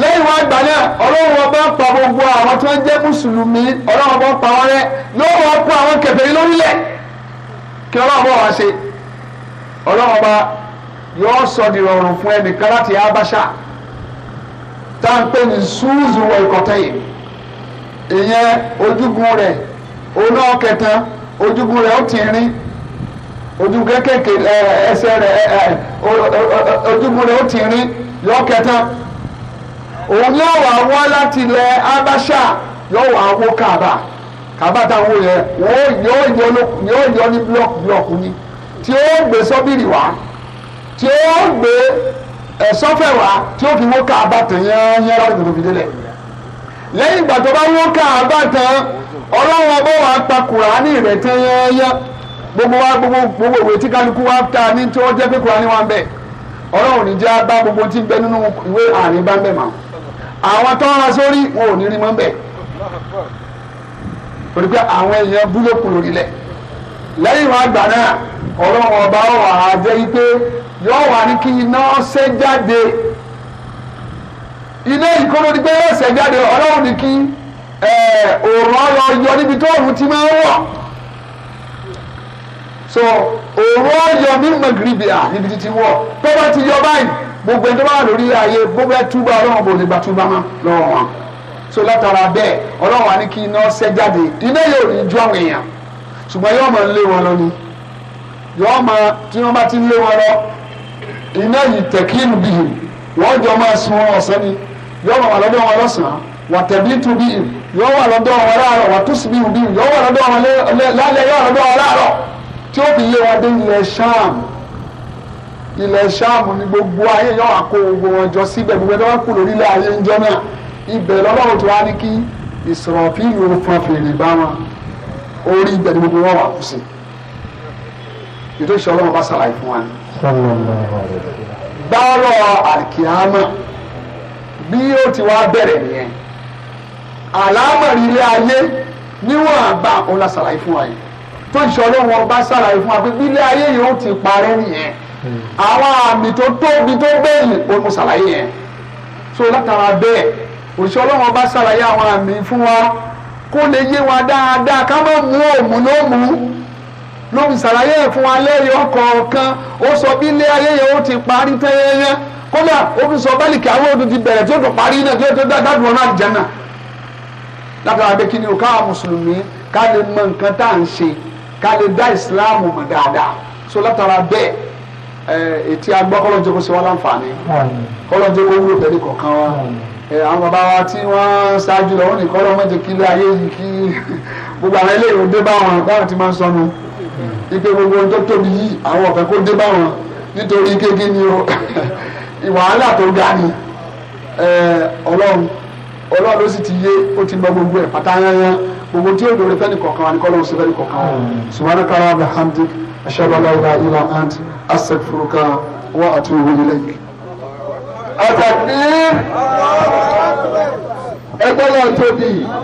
lẹ́yìn wá gbà náà ọlọ́run ọba pa gbogbo àwọn tí wọ́n jẹ́ mùsùlùmí ọlọ́run ọba pa wọn rẹ yóò wọ́n kó àwọn kèfèrí lórílẹ̀ kí ọlọ́run ọba wá ṣe ọlọ́run ọba yóò sọ dìrọ̀rùn fún ẹnìkan láti abáṣà tá ní ṣúùzù wọ ìkọ̀tẹ́ yìí ìyẹn ojúgun rẹ̀ oná kẹta ojúgun rẹ̀ ó ti rin ojú kékèké ẹsẹ̀ rẹ̀ ojúgun rẹ̀ ó ti rí yọkẹta òun yóò wá wá láti ilẹ̀ abáṣà yóò wá wó kàbà kàbà táwọn yẹn yóò yọ ní blọọkù blọọkù ni tí ó gbé sọ́bìrì wá tí ó gbé ẹ̀sọ́fẹ̀ wá tí ó fi wó kàbà tán yẹn yẹn láti gbòdò fi délẹ̀ lẹ́yìn ìgbà tó bá wó kàbà tán ọlọ́run ọbọ̀ wa pa kùránì rẹ̀ tán yẹn yẹn gbogbo wa gbogbo gbogbo ìwé tí kálukú wa ta ní tí wọ́n jẹ́ pé kúránì wa ń bẹ̀ ọlọ́run ní jẹ́ bá gbogbo tí ń bẹ nínú ìwé àárín bá ń bẹ̀ mà àwọn tó ń ra sórí wọn ò ní rí mọ́ ń bẹ̀ torí pé àwọn èèyàn búlọ̀kù lórí lẹ̀ lẹ́yìn wọn àgbà náà ọlọ́run ọba ọ̀wà àjẹ́ yí pé yóò wà ní kí iná ṣe jáde ilé ìkólódì pé yóò ṣe jáde ọlọ́run ní kí òòrùn ọ̀rọ̀ so òòrùn ọyọ ní mẹgìrìbìà níbi títí wọ tó bá ti yọ báyìí gbogbo ẹni tó bá wà lórí ayé gbogbo ẹ túbọ̀ ọlọ́run bò lè gba túbọ̀ mọ́ lọ́wọ́ wọn so látara bẹ́ẹ̀ ọlọ́run wa ní kí iná ṣẹ́ jáde iná yóò ní ju àwọn èèyàn ṣùgbọ́n yóò máa lé wọn lọ ni yóò máa tí wọ́n bá ti lé wọn lọ iná yìí tẹ̀kínú bìhìn wọ́n jọ máa sun wọn ọ̀sán ni yóò máa wà lọ́dọ̀ wọn lọ́sàn-án wà tẹ̀bí tu bìhìn yóò wà lọ́dọ̀ wọn láàárọ̀ wà tùsùn bìhìn bìhìn yóò wà lọ́dọ̀ wọn lálẹ́ yóò wà lọ́dọ̀ wọn láàárọ̀ tí ó fi yé wa dé ilẹ̀ sham ilẹ̀ sham ni gbogbo ayé yọ àkó gbogbo wọn jọ síbẹ̀ gbogbo ẹni wọn kù lórí ilẹ̀ ayé ńjọ́ náà ibẹ̀ lọ́lọ́run tó wá ní kí ìsọ̀rọ̀fíìlù fọn fèrè bá wọn orí ibẹ̀ ni gbogbo wọn wà kù sí ètò ìṣọ̀rọ̀ wọn bá ṣàlàyé fún wa ni. gbárọ̀ àkìámà bí ó ti wá bẹ̀rẹ̀ nìyẹn àlámọ̀rí ilé ayé níwọ̀n àgbà òun la ṣàlàyé fún wa yìí. tó ìṣọ́ ọlọ́run ọba ṣàlàyé fún wa pé bílé ayé yìí ó ti parẹ́ nìyẹn àwọn àmì tó tóbi tó gbẹ̀yìn ó mú yẹn so látara bẹ́ẹ̀ òṣìṣẹ́ ọlọ́run ọba sàlàyé àwọn àmì fún wa kó lè yé wa dáadáa ká má mú òmù ló mú ló fún wa lẹ́yìn ó sọ bí ilé ayé yẹn ó ti parí tẹ́yẹ́yẹ́ kódà ó fi sọ báàlì káwé odò ti bẹ̀rẹ̀ parí náà wọn jẹ́ náà látara bẹ́ẹ̀ kí ni o ká lè dá ìsìláàmù mọ̀ dáadáa so látara bẹ́ẹ̀ ètí agbọ́ kọ́lọ́jọ́ kó ṣe wá láǹfààní kọ́lọ́jọ́ kó wúlò pẹ̀lú kọ̀ọ̀kan wa àwọn bàbá wa tí wọ́n ṣáájú lọ wọ́n ní kọ́lọ́ mọ́jẹ kí ilé ayé yìí kí gbogbo àwọn eléyìí ó dé bá wọn báwọn ti máa ń sọnù ipe gbogbo ohun tó tóbi yìí àwọn ọ̀fẹ́ kó dé bá wọn nítorí kéèké ni o ìwàhálà tó ga ni ọlọ́run ọlọ́run ló sì ti yé ó ti gbọ́ gbogbo ẹ̀ pátáyányán gbogbo tí èdè rẹ̀ fẹ́ni kọ̀ọ̀kan wa ni kọ́lọ́hún sí fẹ́ni kọ̀ọ̀kan wa subhana kala wa hamdik ashhadu an la ilaha illa ant astaghfiruka wa atubu ilayk. àtàkì ẹgbẹ́ náà tóbi.